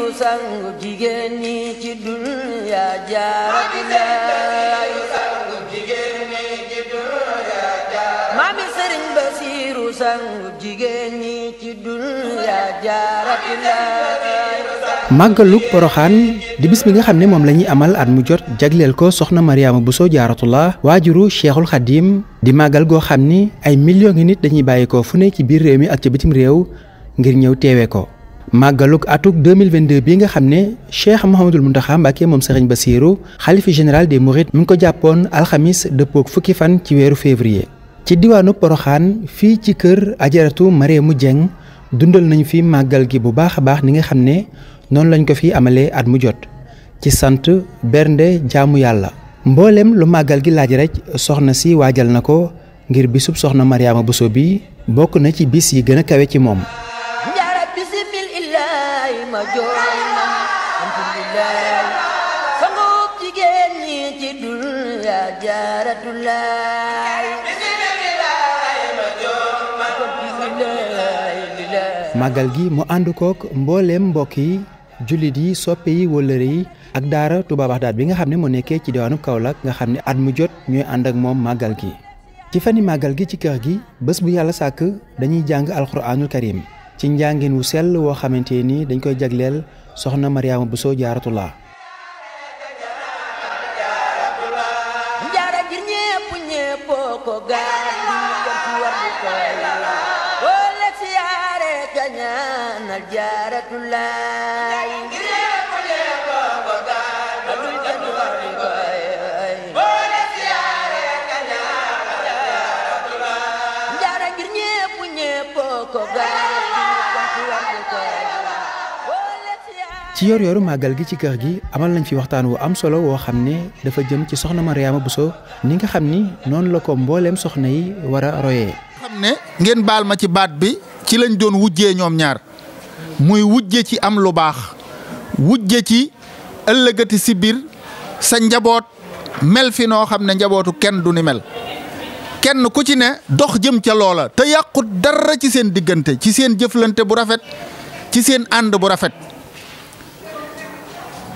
yu sangu jigéen di bis bi nga xam ne moom la amal at mu jot jagleel ko soxna bu Bousso Jaaratullah waajuru Cheikhul Khadim di màggal goo xam ni ay millions ngi nit dañuy bàyyi ko fu ne ci biir réew mi ak ci bitim réew ngir ñëw teewe ko màggaluk atuk 2022 bi nga xam ne Cheikh Mouhamadul Mountakha Mbacké moom ba Bassirou xalifa général des Mourides mi ngi ko jàppoon alxamis dëppook fukki fan ci weeru février. ci diwaanu Poroxaan fii ci kër ajaratu mu Dieng dundal nañu fi màggal gi bu baax a baax ni nga xam ne noonu lañ ko fi amalee at mu jot ci sant bernde jaamu yàlla. mboolem lu màggal gi laaj rek soxna si waajal na ko ngir bisub soxna Mariama Bousso bi bokk na ci bis yi gën a kawe ci moom. màggal gi mu ànd kook mbooleem mbokk yi jullit yi soppe yi wëllëre yi ak daara Touba Baxdaad bi nga xam ne mu nekkee ci diwaanu Kaolack nga xam ni at mu jot ñooy ànd ak moom màggal gi ci fani màggal gi ci kër gi bés bu yàlla sàkk dañuy jàng alxuraanul karim ci njàngin wu sell woo xamante nii dañ koy jagleel soxna Mariama Bousso Jaaratullaa ci yor yoru màggal gi ci kër gi amal nañ fi waxtaan wu am solo woo xam ne dafa jëm ci soxna bu Bousso ni nga xam ni noonu la ko mbooleem soxna yi war a royee xam ne ngeen baal ma ci baat bi ci lañ doon wujjee ñoom ñaar muy wujje ci am lu baax wujje ci ëllëgati si sa njaboot mel fi noo xam ne njabootu kenn du ni mel kenn ku ci ne dox jëm ca loola te yàqut dara ci seen diggante ci seen jëflante bu rafet ci seen ànd bu rafet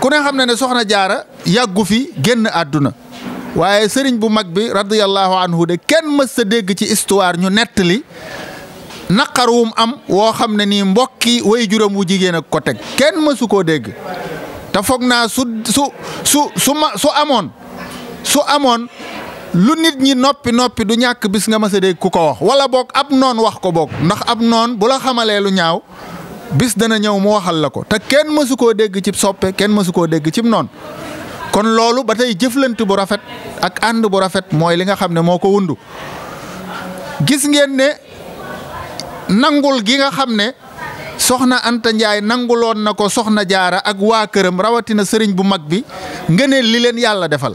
ku ne xam na ne soxna jaara yàggu fi génn àdduna waaye sëriñ bu mag bi radiyallahu anhu de kenn mës sa dégg ci histoire ñu nettali naqar am woo xam ne nii mbokki way juróom wu jigéen ak ko teg kenn mësu koo dégg te foog naa su su su su ma su amoon su amoon lu nit ñi noppi noppi du ñàkk bis nga mës a dégg ku ko wax wala boog ab noon wax ko boog ndax ab noon bu la xamalee lu ñaaw bis dana ñëw mu waxal la ko te kenn mësu koo dégg cib soppe kenn mësu koo dégg cib noonu kon loolu ba tey jëflante bu rafet ak ànd bu rafet mooy li nga xam ne moo ko wundu gis ngeen ne nangul gi nga xam ne soxna Anta Ndiaye nanguloon na ko soxna jaara ak waa këram rawatina sëriñ bu mag bi ngëneel li leen yàlla defal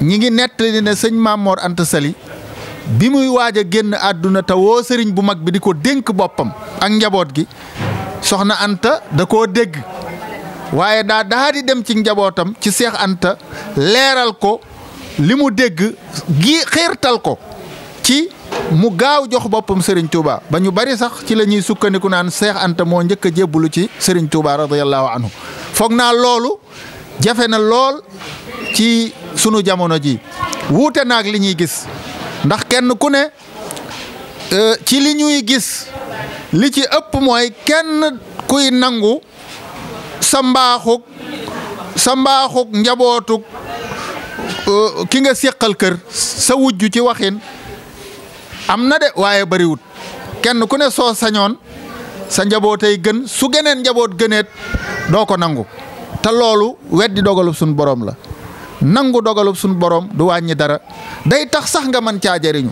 ñi ngi nettali ne sëñ Mamor Anta Sali bi muy waaj a génn àdduna ta woo sëriñ bu mag bi di ko dénk boppam ak njaboot gi soxna Anta da koo dégg waaye daa daa dem ci njabootam ci seex Anta leeral ko li mu dégg gi xiirtal ko ci mu gaaw jox boppam sëriñ Touba ba ñu bari sax ci la ñuy sukkandiku naan seex Anta moo njëkk a jébbalu ci sëriñ Touba radiyallahu anhu foog naa loolu jafe na lool ci sunu jamono ji wuute naag li ñuy gis. ndax kenn ku ne euh, ci li ñuy gis li ci ëpp mooy kenn kuy nangu sa mbaaxug sa mbaaxug njabootug euh, ki nga séqal kër sa wujj ci waxin am na de waaye bariwut kenn ku ne soo sañoon sa njabootay gën su geneen njaboot gëneet doo ko nangu te loolu weddi dogalu suñ boroom la nangu dogalub suñu borom du wàññi dara day tax sax nga mën caa jariñu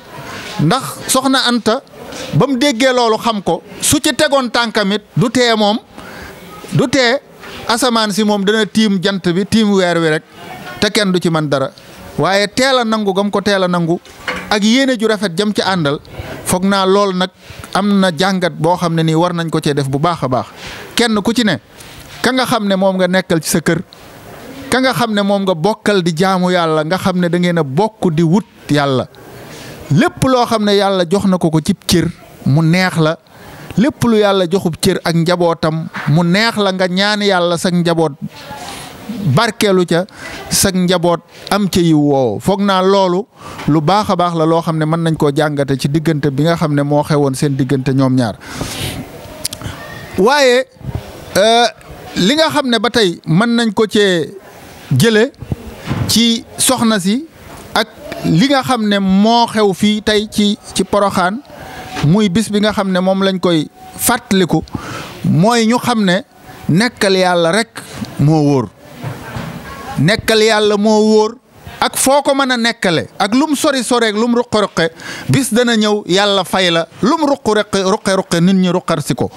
ndax soxna Anta ba mu déggee loolu xam ko su ci tegoon tànkamit du tee moom du tee asamaan si moom dana tiim jant bi tiim weer wi rek te kenn du ci mën dara waaye teel a nangu gam ko teel a nangu ak yéene ju rafet jëm ci àndal foog naa lool nag am na jàngat boo xam ne nii war nañ ko cee def bu baax a baax kenn ku ci ne ka nga xam ne moom nga nekkal ci sa kër ka nga xam ne moom nga bokkal di jaamu yàlla nga xam ne da ngeen a bokk di wut yàlla lépp loo xam ne yàlla jox na ko ko cib cër mu neex la lépp lu yàlla joxub cër ak njabootam mu neex la nga ñaan yàlla sag njaboot barkeelu ca sag njaboot am ca yiw woowu foog naa loolu lu baax a baax la loo xam ne mën nañ koo jàngate ci diggante bi nga xam ne moo xewoon seen diggante ñoom ñaar waaye euh, li nga xam ne ba tey mën nañ ko cee jële ci soxna si ak li nga xam ne moo xew fii tey ci ci poroxaan muy bis bi nga xam ne moom lañ koy fàttaliku mooy ñu xam ne nekkal yàlla rekk moo wóor nekkal yàlla moo wóor ak foo ko mën a nekkale ak lum sori soreek lum ruqe ruqe bis dana ñëw yàlla fay la lum ruqu ruqe ruqe ruqe nit ñi ruqar ko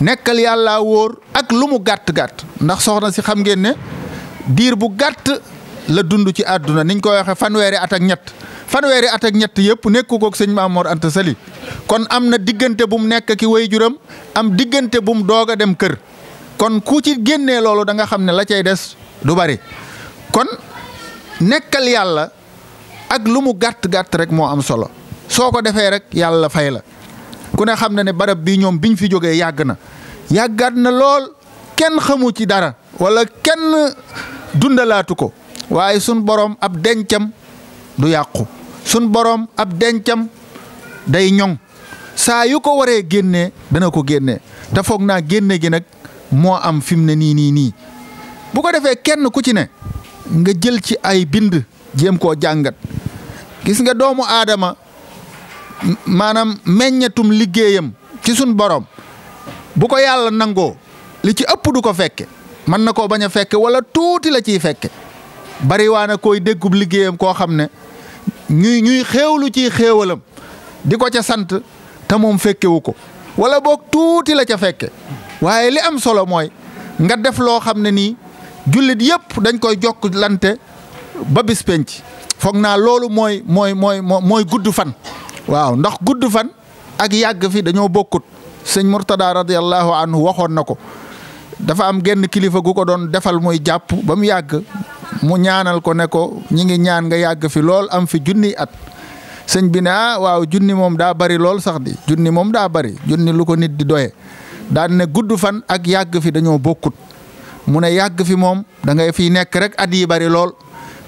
nekkal yàlla wóor ak lu mu gàtt gàtt ndax soxna si xam ngeen diir bu gàtt la dundu ci àdduna niñ koy waxee fanweeri at ñett fanweeri at ñett yëpp nekku kook sëñ Maam Mor Anta Sali kon am na diggante bu mu nekk ki waajuram am diggante bu mu doog a dem kër kon ku ci génnee loolu danga xam ne la cay des du bari kon nekkal yàlla ak lu mu gàtt gàtt rek moo am solo soo ko defee rek yàlla fay la ku ne xam ne ne barab bi ñoom biñ fi jógee yàgg na yàggaat na lool. kenn xamu ci dara wala kenn dundalaatu ko waaye sun borom ab dencam du yàqu sun borom ab dencam day ñoŋ saa yu ko waree génne dana ko génne te foog naa génne gi nag moo am fi mu ne nii nii nii bu ko defee kenn ku ci ne nga jël ci ay bind jéem koo jàngat gis nga doomu aadama maanaam meññatum liggéeyam ci sun borom bu ko yàlla nangoo li ci ëpp du ko fekke mën na ko bañ a fekke wala tuuti la ciy fekke bariwaana koy déggub liggéeyam koo xam ne ñuy ñuy xéewlu ciy xéewalam di ko ca sant te moom fekkewu ko wala boog tuuti la ca fekke waaye li am solo mooy nga def loo xam ne nii jullit yëpp dañ koy jokk lante ba bis penc foog naa loolu mooy mooy mooy mooy gudd fan waaw ndax gudd fan ak yàgg fi dañoo bokkut sëñ Murtada radiyallahu anhu waxoon na ko dafa am genn kilifa gu ko doon defal muy jàpp ba mu yàgg mu ñaanal ko ne ko ñi ngi ñaan nga yàgg fi lool am fi junniy at sëñ bi ne ah waaw junni moom daa bari lool sax di junni moom daa bari junni lu ko nit di doye daan ne gudd fan ak yàgg fi dañoo bokkut mu ne yàgg fi moom da ngay fiy nekk rek at yi bari lool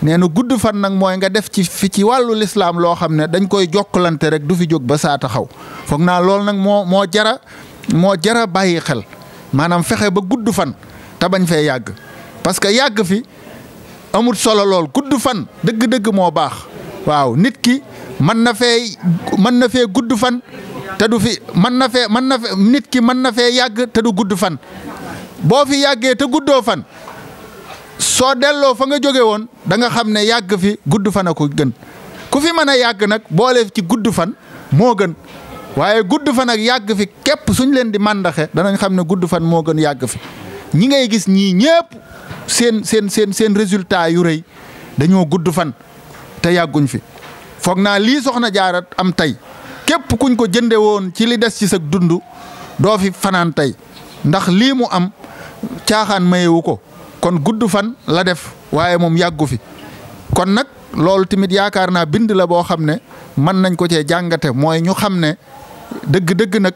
nee na gudd fan nag mooy nga def ci fi ci wàllu lislaam loo xam ne dañ koy jokkalante rek du fi jóg ba saa taxaw foog naa lool nag moo moo jara moo jara bàyyi xel maanaam fexe ba gudd fan te bañ fee yàgg parce que yàgg fi amut solo lool gudd fan dëgg-dëgg moo baax waaw nit ki mën na fee mën na fee gudd fan te du fi mën na fee mën na nit ki mën na fee yàgg te du gudd fan boo fi yàggee te guddoo fan soo delloo fa nga jóge woon da nga xam ne yàgg fi gudd fan a ko gën ku fi mën a yàgg nag boole ci gudd fan moo gën waaye gudd fan ak yàgg fi képp suñ leen di màndaxe danañ xam ne gudd fan moo gën yàgg fi ñi ngay gis ñii ñëpp seen seen seen seen résultat yu rey dañoo gudd fan te yàgguñ fi foog naa lii soxna jaarat am tey képp kuñ ko jënde woon ci li des ci sa dund doo fi fanaan tey ndax lii mu am caaxaan mayewu ko kon gudd fan la def waaye moom yàggu fi kon nag loolu tamit yaakaar naa bind la boo xam ne mën nañ ko cee jàngate mooy ñu xam ne dëgg-dëgg nag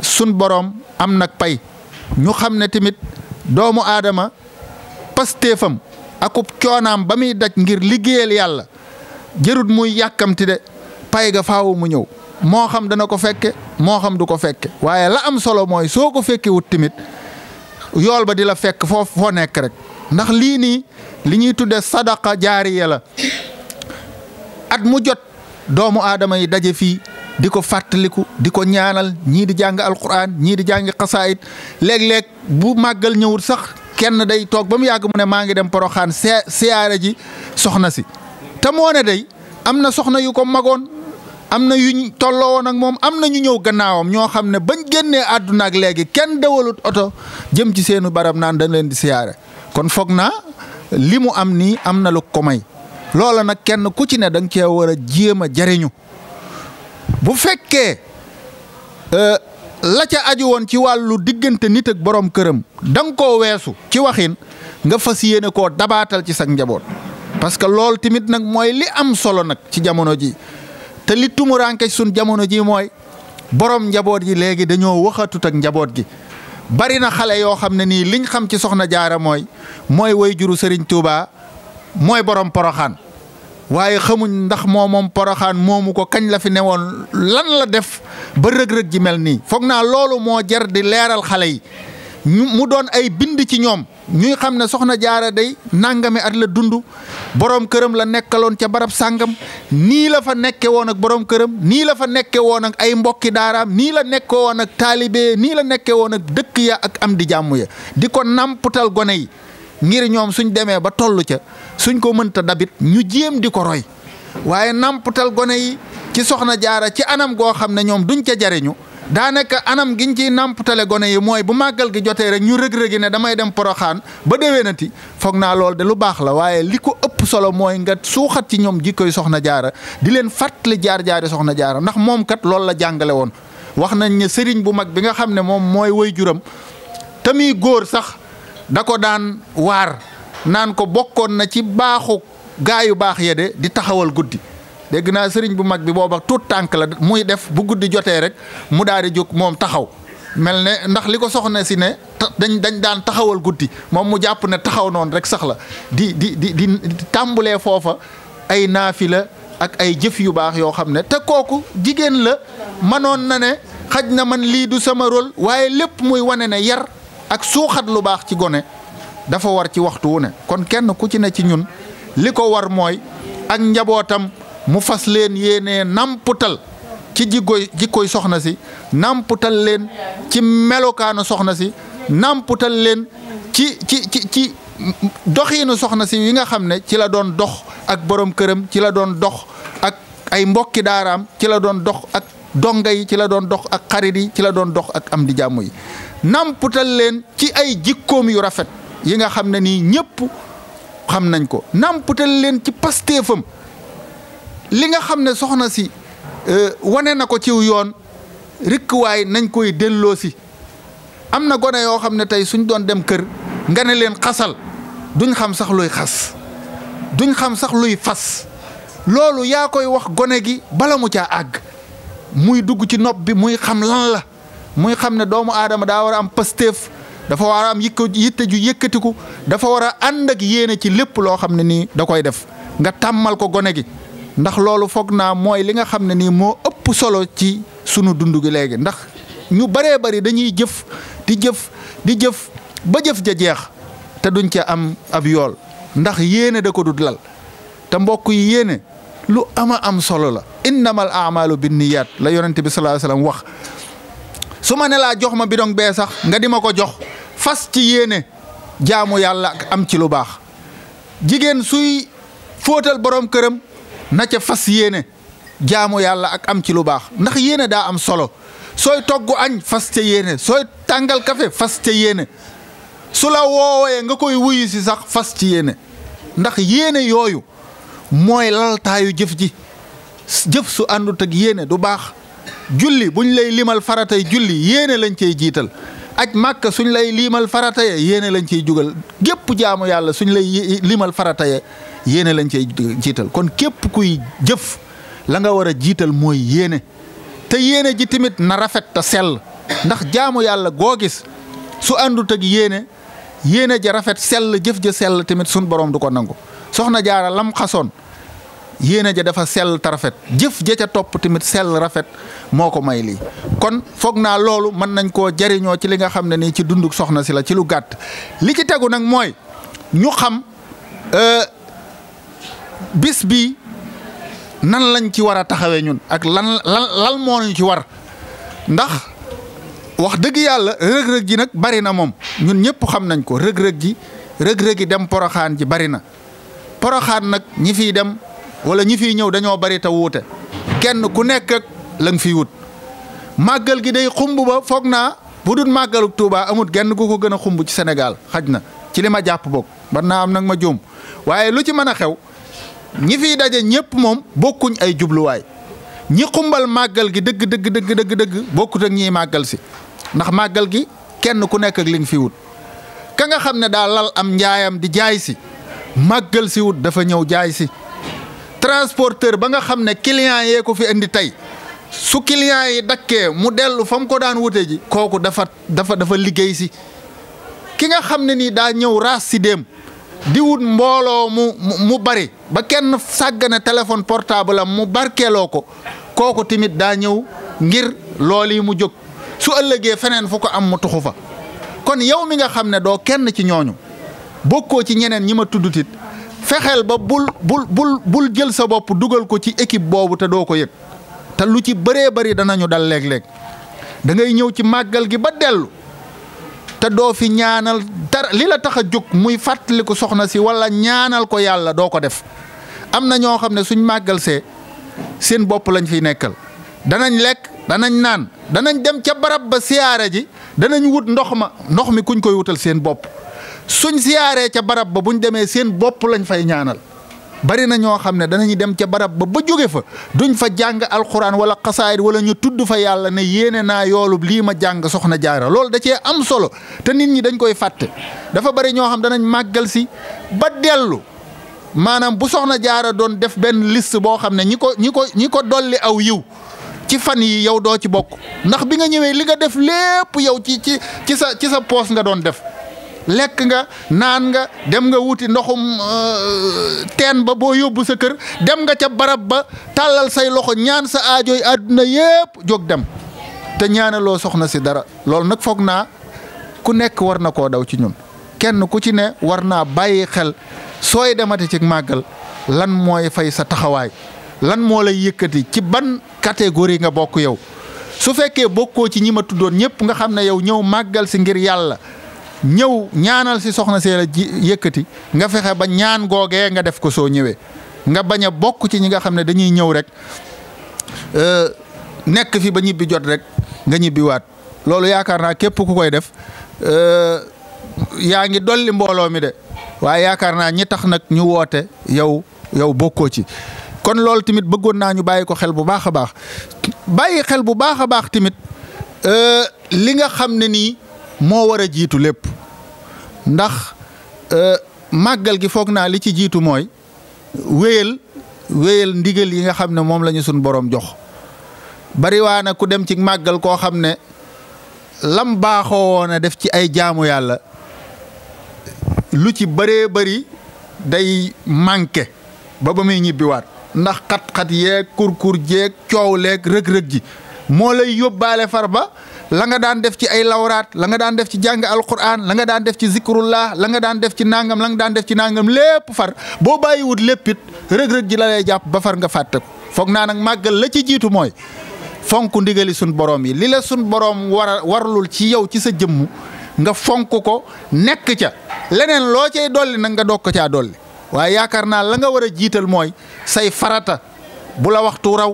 sun borom am nag pay ñu xam ne tamit doomu aadama pastéefam akub coonaam ba muy daj ngir liggéeyal yàlla jërut muy yàkkamti de pay ga faawu mu ñëw moo xam dana ko fekke moo xam du ko fekke waaye la am solo mooy soo ko fekkee wut tamit yool ba di la fekk foofu foo nekk rek ndax lii nii li ñuy tudde sadaqa jaariya la at mu jot doomu aadama yi daje fii di ko fàttaliku di ko ñaanal ñii di jàng alquran ñii di jàng xasaayit léeg-léeg bu màggal ñëwul sax kenn day toog ba mu yàgg mu ne maa ngi dem poroxaan siyaare ji soxna si te moo ne day am na soxna yu ko magoon am na yuñ tolloo woon moom am na ñëw gannaawam ñoo xam ne bañ génnee àdduna ak léegi kenn dawalut oto jëm ci seenu barab naan dañ leen di siyaare kon foog naa li mu am nii am na lu ko may loola nag kenn ku ci ne danga cee war a jéem a jariñu bu fekkee euh, la ca aju woon ci wàllu diggante nit ak borom këram da nga koo weesu ci waxin nga fas yéene koo dabaatal ci sag njaboot parce que loolu tamit nag mooy li am solo nag ci jamono ji te li tumuraanke sun jamono ji mooy borom njaboot yi léegi dañoo waxatutak njaboot gi bari na xale yoo xam ne nii liñ xam ci soxna jaara mooy mooy woy juru sëriñ Tuuba mooy borom poroxaan waaye xamuñ ndax moo moom poroxaan moomu ko kañ la fi newoon lan la def ba rëg-rëg ji mel nii foog naa loolu moo jar di leeral xale yi mu doon ay bind ci ñoom ñuy xam ne soxna jaara day nangami at la dund borom këram la nekkaloon ca barab sàngam nii la fa nekke woon ak borom këram nii la fa nekke woon ak ay mbokki daaraam nii la nekke woon ak taalibe nii la nekke woon ak dëkk ya ak am di jàmm ya di ko nàmputal gone yi ngir ñoom suñ demee ba toll ca suñ ko mënta dabit ñu jéem di ko roy waaye namputal gone yi ci soxna jaara ci anam goo xam ne ñoom duñ ca jariñu daanaka anam giñ ciy nàmputale gone yi mooy bu màggal gi jotee rek ñu rëg-rëgi ne damay dem poroxaan ba déwénati foog naa lool de lu baax la waaye li ko ëpp solo mooy nga suuxat ci ñoom jikkoy soxna jaara di leen li jaar-jaari soxna jaara ndax moom kat loolu la jàngale woon wax nañ ne sëriñ bu mag bi nga xam ne moom mooy way juram te muy góor sax da ko daan waar naan ko bokkoon na ci baaxu gaayu baax ya de di taxawal guddi dégg naa sëriñ bu mag bi booba tuut tànk la muy def bu guddi jotee rek mu daal di jóg moom taxaw mel ne ndax li ko soxna si ne dañ dañ daan taxawal guddi moom mu jàpp ne taxaw noonu rek saxla di di di tàmbulee foofa ay naafila ak ay jëf yu baax yoo xam ne te kooku jigéen la mënoon na ne xaj na man lii du sama waaye lépp muy wane ne yar ak suuxat lu baax ci gone dafa war ci waxtu wu ne kon kenn ku ci ne ci ñun li ko war mooy ak njabootam mu fas leen yéenee namputal ci jikkoy jikkoy soxna si namputal leen ci melokaanu soxna si namputal leen ci ci ci ci doxiinu soxna si yi nga xam ne ci la doon dox ak borom këram ci la doon dox ak ay mbokki daaraam ci la doon dox ak donga yi ci la doon dox ak xarit yi ci la doon dox ak am di jàmm yi namputal leen ci ay jikkoom yu rafet yi nga xam ne nii ñëpp xam nañ ko namputal leen ci pasteefam li nga xam ne soxna si euh, wane na ko ciw yoon rikkuwaay nañ koy delloo si am na gone yoo xam ne tey suñ doon dem kër nga ne leen xasal duñ xam sax luy xas duñ xam sax luy fas loolu yaa koy wax gone gi bala mu caa àgg muy dugg ci nopp bi muy xam lan la muy xam ne doomu aadama daa war a am pastéef dafa war a am yikko yitte ju yëkkatiku dafa war a ànd ak yéene ci lépp loo xam ne nii da koy def nga tàmmal ko gone gi ndax loolu foog naa mooy li nga xam ne nii moo ëpp solo ci sunu dund gi léegi ndax ñu baree bari dañuy jëf di jëf di jëf ba jëf ja jeex te duñ ca am ab yool ndax yéene da ko dut lal te mbokk yi yéene lu ama am solo la innamal amalu binniyaat la yonente bi sallallahu alayhi wasallam wax su ma ne laa jox ma bidong bee sax nga di ma ko jox fas ci yéene jaamu yàlla ak am ci lu baax jigéen suy fóotal borom këram na ca fas yéene jaamu yàlla ak am ci lu baax ndax yéene daa am solo sooy togg añ fas ca yéene sooy tàngal kafe fas ca yéene su la woowee nga koy wuyu si sax fas ci yéene ndax yéene yooyu mooy laltaayu jëf ji jëf su àndut ak yéene du baax julli buñ lay limal faratay julli yéene lañ cey jiital aj màkk suñ lay limal farata ye yéene lañ ciy jugal gépp jaamu yàlla suñ lay limal farata ye yéene lañ cey jiital kon képp kuy jëf la nga war a jiital mooy yéene te yéene ji tamit na rafet te sell ndax jaamu yàlla goo gis su àndut ak yéene yéene ja rafet sell jëf ja sell tamit suñ borom du ko nangu soxna jaar lam xasoon yéene ja dafa sell te rafet jëf ja ca topp tamit sell rafet moo ko may lii kon foog naa loolu mën nañ koo jariñoo ci li nga xam ne nii ci dunduk soxna si la ci lu gàtt li ci tegu nag mooy ñu xam euh, bis bi nan lañ ci war a taxawee ñun ak lan lan lan moo ñu ci war ndax wax dëgg yàlla rëg-rëg ji nag bari na moom ñun ñëpp xam nañ ko rëg-rëg ji rëg-rëg dem poroxaan ji bari na poroxaan nag ñi fiy dem wala ñi fi ñëw dañoo bari te wuute kenn ku nekk ak fi wut màggal gi day xumb ba foog naa bu dul màggalu Touba amut genn gu ko gën a xumb ci senegal xaj na ci li ma jàpp boog man naa am nag ma juum waaye lu ci mën a xew ñi fi daje ñëpp moom bokkuñ ay jubluwaay ñi xumbal màggal gi dëgg dëgg dëgg dëgg dëgg bokkut ñiy màggal si ndax màggal gi kenn ku nekk ak li nga fi wut ka nga xam ne daal lal am njaayam di jaay si màggal si wut dafa ñëw jaay si transporteur ba nga xam ne client yee ko fi indi tey su client yi dakkee mu dellu fa mu ko daan wute ji kooku dafa dafa dafa liggéey si ki nga xam ne nii daa ñëw raas si dem di wut mbooloo mu mu bari ba kenn sàggane téléphone portable am mu barkeeloo ko kooku tamit daa ñëw ngir lool yi mu jóg su ëllëgee feneen fu ko am mu tuxu fa kon yow mi nga xam ne doo kenn ci ñooñu bokkoo ci ñeneen ñi ma tuddutit fexeel ba bul bul bul jël sa bopp dugal ko ci équipe boobu te doo ko yëg te lu ci bëree bëri danañu dal léeg-léeg da ñëw ci màggal gi ba dellu te doo fi ñaanal li la tax a jóg muy fàttaliku soxna si wala ñaanal ko yàlla doo ko def am na ñoo xam ne suñ màggal see seen bopp lañ fiy nekkal danañ lekk danañ naan danañ dem ca barab ba siyaare ji danañ wut ndox ma ndox mi kuñ koy wutal seen bopp suñ siyaaree ca barab ba buñ demee seen bopp lañ fay ñaanal bari na ñoo xam ne danañu dem ca barab ba ba jóge fa duñ fa jàng alxuraan wala xasaayit wala ñu tudd fa yàlla ne yéene naa yoolub lii ma jàng soxna jaara loolu da cee am solo te nit ñi dañ koy fàtte dafa bari ñoo xam danañ màggal si ba dellu maanaam bu soxna jaara doon def benn liste boo xam ne ñi ko ñi ko ñi ko dolli aw yiw ci fan yi yow doo ci bokk ndax bi nga ñëwee li nga def lépp yow ci ci ci sa ci sa poos nga doon def lekk nga naan nga dem nga wuti ndoxum euh, teen ba boo yóbbu sa kër dem nga ca barab ba tàllal say loxo ñaan sa aajooy àdduna yépp jóg dem te ñaanaloo soxna si dara loolu nag foog naa ku nekk war na koo daw ci ñun kenn ku ci ne war naa bàyyi xel sooy demate ci màggal lan mooy fay sa taxawaay lan moo lay yëkkati ci ban catégorie nga bokk yow su fekkee bokkoo ci ñi ma tuddoon ñëpp nga xam ne yow ñëw màggal si ngir yàlla ñëw ñaanal si soxna seere la ji yëkkati nga fexe ba ñaan googee nga def ko soo ñëwee nga bañ a bokk ci ñi nga xam ne dañuy ñëw rek euh, nekk fi ba ñibbi jot rek nga ñibbiwaat loolu yaakaar naa képp ku koy def euh, yaa ngi dolli mbooloo mi de waaye yaakaar naa ñi tax nag ñu woote yow yow bokkoo ci kon loolu tamit bëggoon naa ñu bàyyi ko xel bu baax a baax bàyyi xel bu baax a baax tamit euh, li nga xam ne nii moo war a jiitu lépp ndax euh, màggal gi foog naa li ci jiitu mooy wéyal wéyél ndigal yi nga xam ne moom lañu ñu boroom jox bariwaana ku dem ci màggal koo xam ne lam baaxoo woon a def ci ay jaamu yàlla lu ci baree bari day manqué ba ba muy ñibbiwaat ndax xat-xat yeeg kurkur jeeg coow leeg rëg-rëg ji moo lay yóbbaale far ba la nga daan def ci ay lawraat la nga daan def ci jàng alquran la nga daan def ci zikrullah la nga daan def ci nangam la daan def ci nangam lépp far boo bàyyiwut lépp it rëg-rëg ji la jàpp ba far nga fàtte ko foog naa nag màggal la ci jiitu mooy fonk ndigali sun borom yi li la sun borom war a warlul ci yow ci sa jëmm nga fonk ko nekk ca leneen loo cay dolli nag nga doog ko caa dolli waaye yaakaar naa la nga war a jiital mooy say farata bu la waxtu raw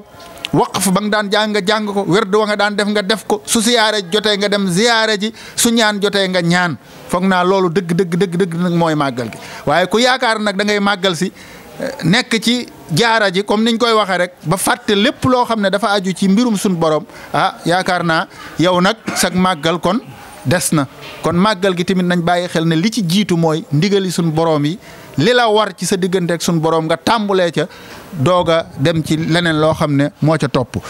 waqf ba nga daan jàng jàng ko werd wa nga daan def nga def ko su siyaare jotee nga dem ziyaare ji su ñaan jotee nga ñaan foog naa loolu dëgg dëgg dëgg dëgg nag mooy màggal gi waaye ku yaakaar nag da ngay màggal si eh, nekk ci jaara ji comme niñ koy waxee rek ba fàtte lépp loo xam ne dafa aju ci mbirum suñ borom ah yaakaar naa yow nag sag màggal kon des na kon màggal gi tamit nañ bàyyi xel ne li ci jiitu mooy ndigali suñ borom yi li la war ci sa diggante ak sunu borom nga tàmbulee ca doog a dem ci leneen loo xam ne moo ca topp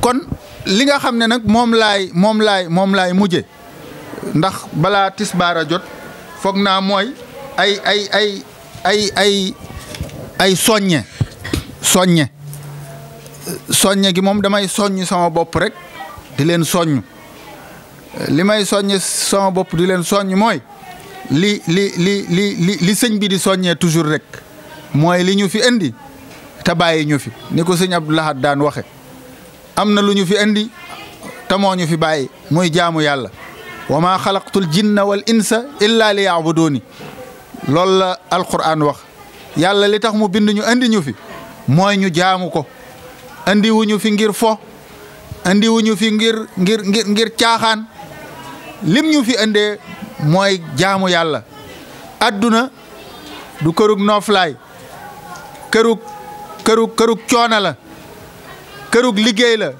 kon li nga xam ne nag moom lay moom laay moom laay mujje ndax balaa tisbaar a jot foog naa mooy ay ay ay ay ay ay soññe soññe soññe gi moom damay soññ sama bopp rek di leen soññ li may soññ sama bopp di leen soññ mooy li li li li li li sëñ bi di soññee toujours rek mooy li ñu fi indi te bàyyi ñu fi ni ko sëñ Abdou Lahad daan waxe am na lu ñu fi indi te moo ñu fi bàyyi mooy jaamu yàlla wa maa xalaqtul jinna wal insa illa li yaabuduuni loolu la alquran wax yàlla li tax mu bind ñu indi ñu fi mooy ñu jaamu ko indi wuñu fi ngir fo indi wuñu fi ngir caaxaan lim ñu fi indee mooy jaamu yàlla adduna du kërug nooflaay kërug kërug kërug coona la kërug liggéey la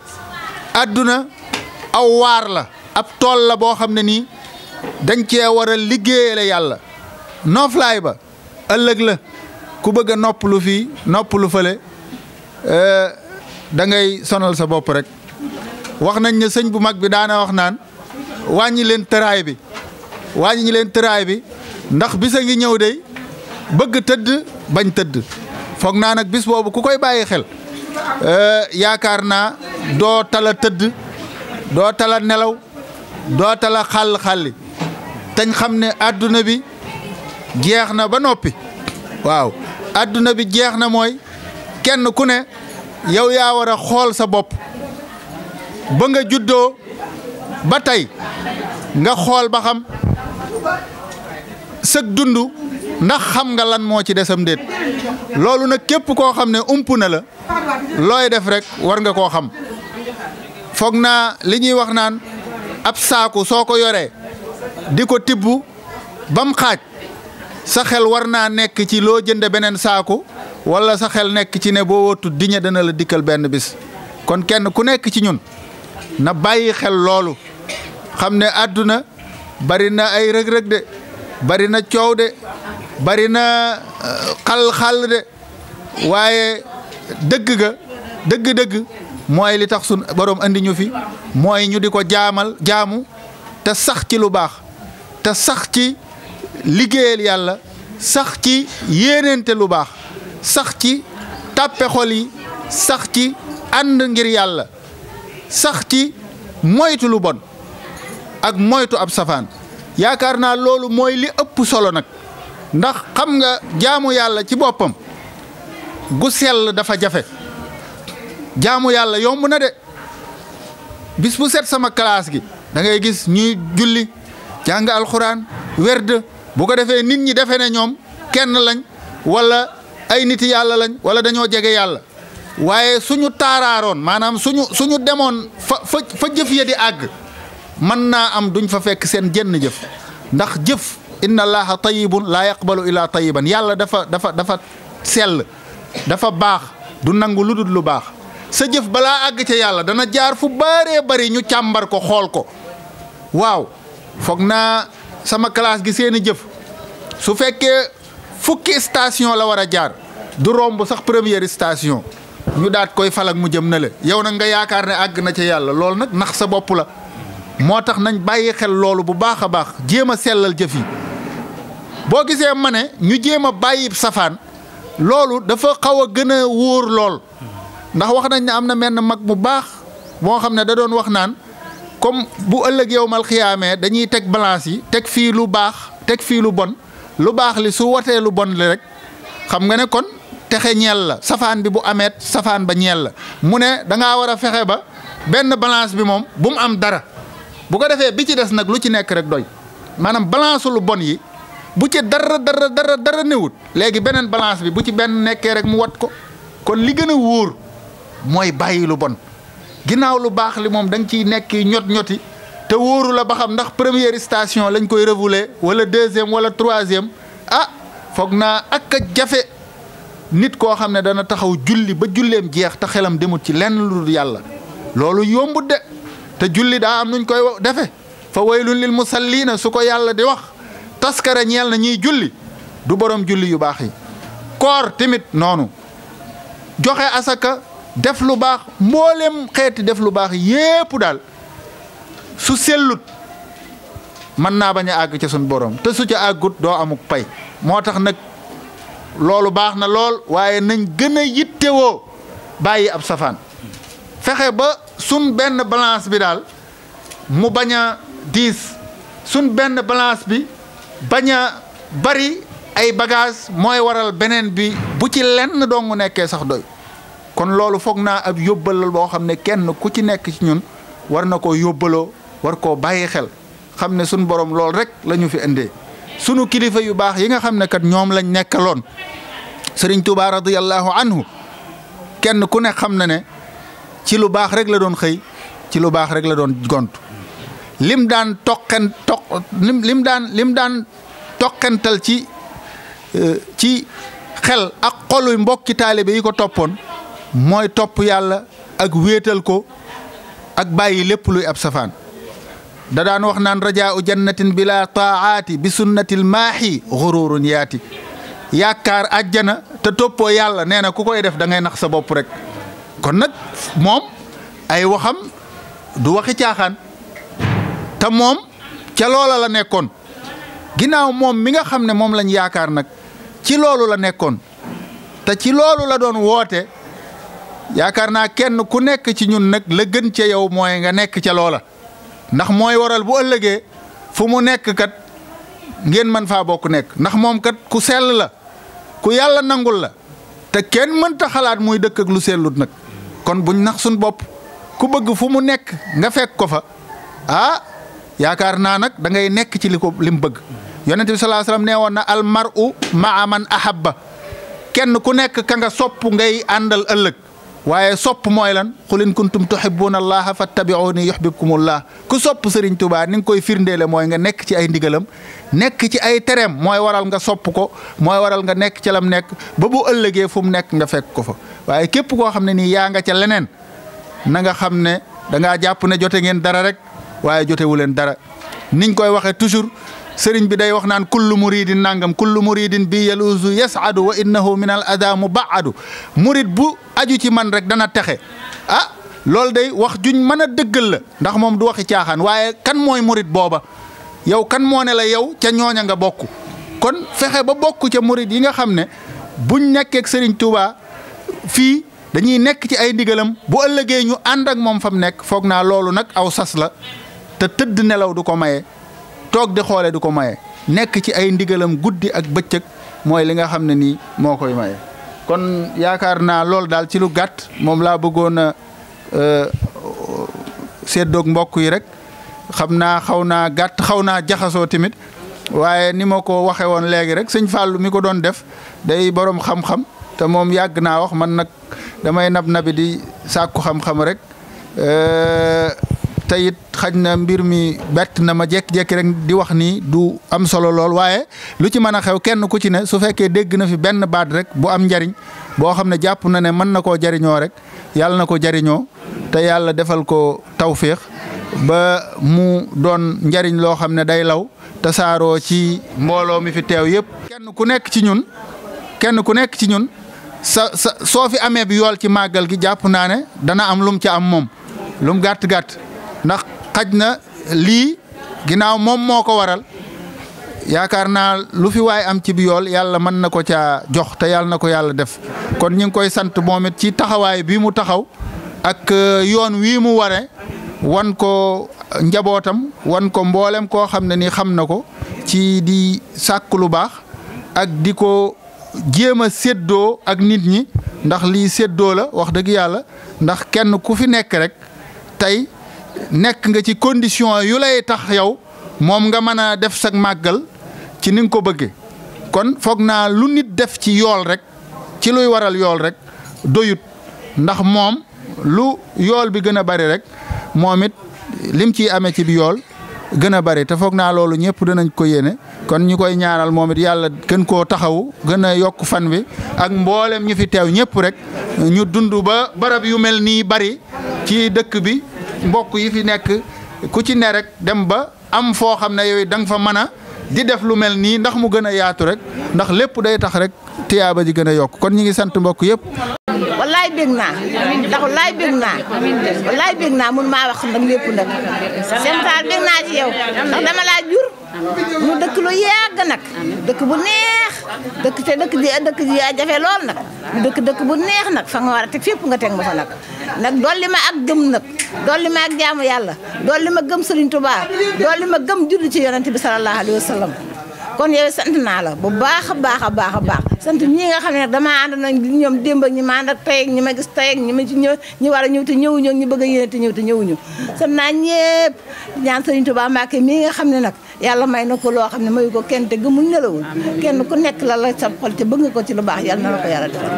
adduna aw waar la ab tool la boo xam ne nii dañ cee war a liggéeyee la yàlla nooflaay ba ëllëg la ku bëgg a nopp lu fii nopp lu fële euh, da ngay sonal sa bopp rek wax nañ ne sëñ bu mag bi daana wax naan wàññileen tëraay bi wàññi leen tëraay bi ndax bisa ngi ñëw de bëgg tëdd bañ tëdd foog naa nag bis boobu ku koy bàyyi xel eh, yaakaar naa doo tala tëdd doo tala nelaw doo tala xàll tañ xam ne àdduna bi jeex na ba noppi waaw àdduna bi jeex na mooy kenn ku ne yow yaa war a xool sa bopp ba nga juddoo ba tey nga xool ba xam sëg dund ndax xam nga lan moo ci desam déet loolu nag képp koo xam ne ump na la looy def rek war nga koo xam foog naa li ñuy wax naan ab saaku soo ko yoree di ko tibb bam xaaj sa xel war naa nekk ci loo jënde beneen saaku wala sa xel nekk ci ne boo wottu diñe dana la dikkal benn bis kon kenn ku nekk ci ñun na bàyyi xel loolu xam ne àdduna bari na ay rëg-rëg de bari na coow de bari na uh, xal-xal de waaye dëgg ga dëgg-dëgg mooy li tax sun borom andi ñu fi mooy ñu di ko jaamal jaamu te sax ci lu baax te sax ci liggéeyal yàlla sax ci yéeneente lu baax sax ci tàppexol yi sax ci ànd ngir yàlla sax ci moytulu bon ak moytu ab safaan yaakaar naa loolu mooy li ëpp solo nag ndax xam nga jaamu yàlla ci boppam gu sell dafa jafe jaamu yàlla yomb na de bis bu set sama classe gi da ngay gis ñuy julli jàng alxuraan werd bu ko defee nit ñi defe ne ñoom kenn lañ wala ay niti yàlla lañ wala dañoo jege yàlla waaye suñu taaraaroon maanaam suñu suñu demoon fa fa jëf ya di àgg mën naa am duñ fa fekk seen jenn jëf ndax jëf inna allaha tayibun laa yaqbalu illa tayiban yàlla dafa dafa dafa sell dafa baax du nangu lu dul lu baax sa jëf balaa àgg ca yàlla dana jaar fu bëree bëri ñu càmbar ko xool ko waaw foog naa sama classe gi seeni jëf su fekkee fukki station la war a jaar du romb sax première station ñu daat koy falak mu jëm na le yow nag nga yaakaar ne àgg na ca yàlla loolu nag ndax sa bopp la moo tax nañ bàyyi xel loolu bu baax a baax jéem a sellal jëf yi boo gisee ma ne ñu jéem a bàyyi safaan loolu dafa xaw a gën a wóor lool ndax wax nañ ne am na menn mag bu baax moo xam ne da doon wax naan comme bu ëllëg yow xiyaamee dañuy teg balance yi teg fii lu baax teg fii lu bon lu baax li su watee lu bon li rek xam nga ne kon texe ñeel la safaan bi bu ameet safaan ba ñeel la mu ne da ngaa war a fexe ba benn balance bi moom bu am dara. bu ko defee bi ci des nag lu ci nekk rek doy maanaam balance lu bon yi bu ci dara dara dara dara newut léegi beneen balance bi bu ci benn nekkee rek mu wat ko kon li gën a wóor mooy bàyyi lu bon ginnaaw lu baax li moom da nga ciy nekk ñot ñoti te wóoru la ba xam ndax première station lañ koy refoulé wala deuxième wala troisième ah foog naa ak a jafe nit koo xam ne dana taxaw julli ba julleem jeex te xelam demut ci lenn lu dul yàlla loolu yombut de te julli daa am nuñ koy defe fa waylun lil musalliina su ko yàlla di wax taskara ñeel na ñiy julli du borom julli yu baax yi koor tamit noonu joxe asaka def lu baax mboolem xeeti def lu baax yépp daal su sellut mën naa bañ a àgg ca suñ borom te su ca àggut doo amuk pay moo tax nag loolu baax na lool waaye nañ gën a yittewoo bàyyi ab safaan fexe ba sun benn balance bi daal mu bañ a diis sun benn balance bi bañ a bari ay bagage mooy waral beneen bi bu ci lenn dong nekkee sax doy kon loolu foog naa ab yóbbalal boo xam ne kenn ku ci nekk ci ñun war na koo yóbbaloo war koo bàyyi xel xam ne suñ borom loolu rek lañu fi indee sunu kilifa yu baax yi nga xam ne kat ñoom lañ nekkaloon Sëriñ Tuubaa radiyallahu anhu kenn ku ne xam na ne ci lu baax rek la doon xëy ci lu baax rek la doon gont lim daan toqen lim daan lim daan toqental ci euh, ci xel ak xolu mbokki taalibe yi ko toppoon mooy topp yàlla ak wéetal ko ak bàyyi lépp luy ab safaan da daan wax naan rajaa u jannatin bila taaati bi sunnatil maaxi xururun yaati yaakaar àjjana te toppoo yàlla nee na ku koy def dangay ngay nax sa bopp rek kon nag moom ay waxam du waxi caaxaan te moom ca loola la nekkoon ginnaaw moom mi nga xam ne moom lañ yaakaar nag ci loolu la nekkoon te ci loolu la doon woote yaakaar naa kenn ku nekk ci ñun nag la gën ca yow mooy nga nekk ca loola ndax mooy waral bu ëllëgee fu mu nekk kat ngeen mën faa bokk nekk ndax moom kat ku sell la ku yàlla nangul la te kenn mënta xalaat muy dëkk lu sellut nag kon buñ nax suñ bopp ku bëgg fu mu nekk nga fekk ko fa ah yaakaar naa nag dangay nekk ci li ko li mu bëgg yonent bi sallallahu alayhi nee woon na al mar'u ma'a man ahabba kenn ku nekk ka nga sopp ngay àndal ëllëg waaye sopp mooy lan xul in kuntum tuhibbuna allaha fattabi'uni laa ku sopp Serigne tubaa ni nga koy firndeele mooy nga nekk ci ay ndigalam nekk ci ay tereem mooy waral nga sopp ko mooy waral nga nekk ci lam nekk ba bu ëllëgee fu mu nekk nga fekk ko fa waaye képp koo xam ne nii yaa nga ca leneen na nga xam ne da ngaa jàpp ne jote ngeen dara rek waaye jotewu leen dara niñ koy waxee toujours sëriñ bi day wax naan kullu muridin nangam kullu muridin bi yaluusu yasadu wa innahu min al ada mubaadu murid bu aju ci man rek dana texe ah loolu day wax juñ mën a dëggal la ndax moom du waxi caaxaan waaye kan mooy murid booba yow kan moo ne la yow ca ñooña nga bokk kon fexe ba bokk ca murid yi nga xam ne bu nekkeek sëriñ Tuubaa fii dañuy nekk ci ay ndigalam bu ëllëgee ñu ànd ak moom fa mu nekk foog naa loolu nag aw sas la te tëdd nelaw du ko maye toog di xoole du ko maye nekk ci ay ndigalam guddi ak bëccëg mooy li nga xam ne nii moo koy maye. kon yaakaar naa loolu daal ci lu gàtt moom laa bëggoon a euh, seddoog mbokk yi rek xam naa xaw naa gàtt xaw naa jaxasoo tamit waaye ni ma ko waxe woon léegi rek sëñ Fallou mi ko doon def day borom xam-xam. te moom yàgg naa wax man nag damay nab nabi di sàkku xam-xam rek te it xaj na mbir mi bett na ma jékki-jékki rek di wax nii du am solo lool waaye lu ci mën a xew kenn ku ci ne su fekkee dégg na fi benn baat rek bu am njariñ boo xam ne jàpp na ne mën na koo jariñoo rek yàlla na ko jariñoo te yàlla defal ko tawféex ba mu doon njariñ loo xam ne day law te saaroo ci mbooloo mi fi teew yépp kenn ku nekk ci ñun kenn ku nekk ci ñun sa sa soo fi amee bi yool ci màggal gi jàpp naa ne dana am lum ca am moom lum gàtt gàtt ndax xaj na lii ginnaaw moom moo ko waral yaakaar naa lu fi waay am ci bi yool yàlla mën na ko ca jox te yàlla na ko yàlla def kon ñu ngi koy sant moomit ci taxawaay bii mu taxaw ak euh, yoon wii mu ware wan ko njabootam wan ko mboolem koo xam ne ni xam na ko ci di sàkk lu baax ak di ko jéem a séddoo ak nit ñi ndax lii séddoo la wax dëgg yàlla ndax kenn ku fi nekk rek tey nekk nga ci condition yu lay tax yow moom nga mën a def sag màggal ci ni nga ko bëggee kon foog naa lu nit def ci yool rek ci luy waral yool rek doyut ndax moom lu yool bi gën a bari rek moom it lim ciy amee ci bi yool gën a bari te foog naa loolu ñëpp danañ ko yéene kon ñu koy ñaanal moom it yàlla gën koo taxawu gën a yokk fan wi ak mboolem ñu fi teew ñëpp rek ñu dund ba barab yu mel nii bari ci dëkk bi mbokk yi fi nekk ku ci ne rek dem ba am foo xam ne yooyu da nga fa mën a di def lu mel nii ndax mu gën a yaatu rek ndax lépp day tax rek tiyaaba ji gën a yokk kon ñu ngi sant mbokk yëpp. wallaay bég naa ndax wallaay bég naa wallaay bég naa mun maa wax nag lépp nag seen taal bég naa ci yow ndax dama laa jur mu dëkk lu yàgg nag dëkk bu neex dëkk te dëkk ji dëkk ji jafe lool nag mu dëkk dëkk bu neex nag fa nga war a teg fépp nga teg ma fa nag nag dolli ma ak gëm nag dolli ma ak jaamu yàlla dolli ma gëm Serigne Touba dolli ma gëm judd ci yonent bi sallallahu alayhi wa kon yow sant naa la bu baax a baax a baax a baax sant ñii nga xam ne nag damaa ànd nag ñoom démba ñi ma ànd ak ñi ma gis tey ak ñi ma ci ñëw ñi war a ñëw te ñëwuñu ak ñi bëgg a yéene te ñëw te ñëwuñu sant naa ñëpp ñaan sëriñ Tuubaa Mbàkke mii nga xam ne nag yàlla may na ko loo xam ne mayu ko kenn te gëmuñ ne lawul kenn ku nekk la la sa xol te bëgg nga ko ci lu baax yàlla na la ko yàlla defal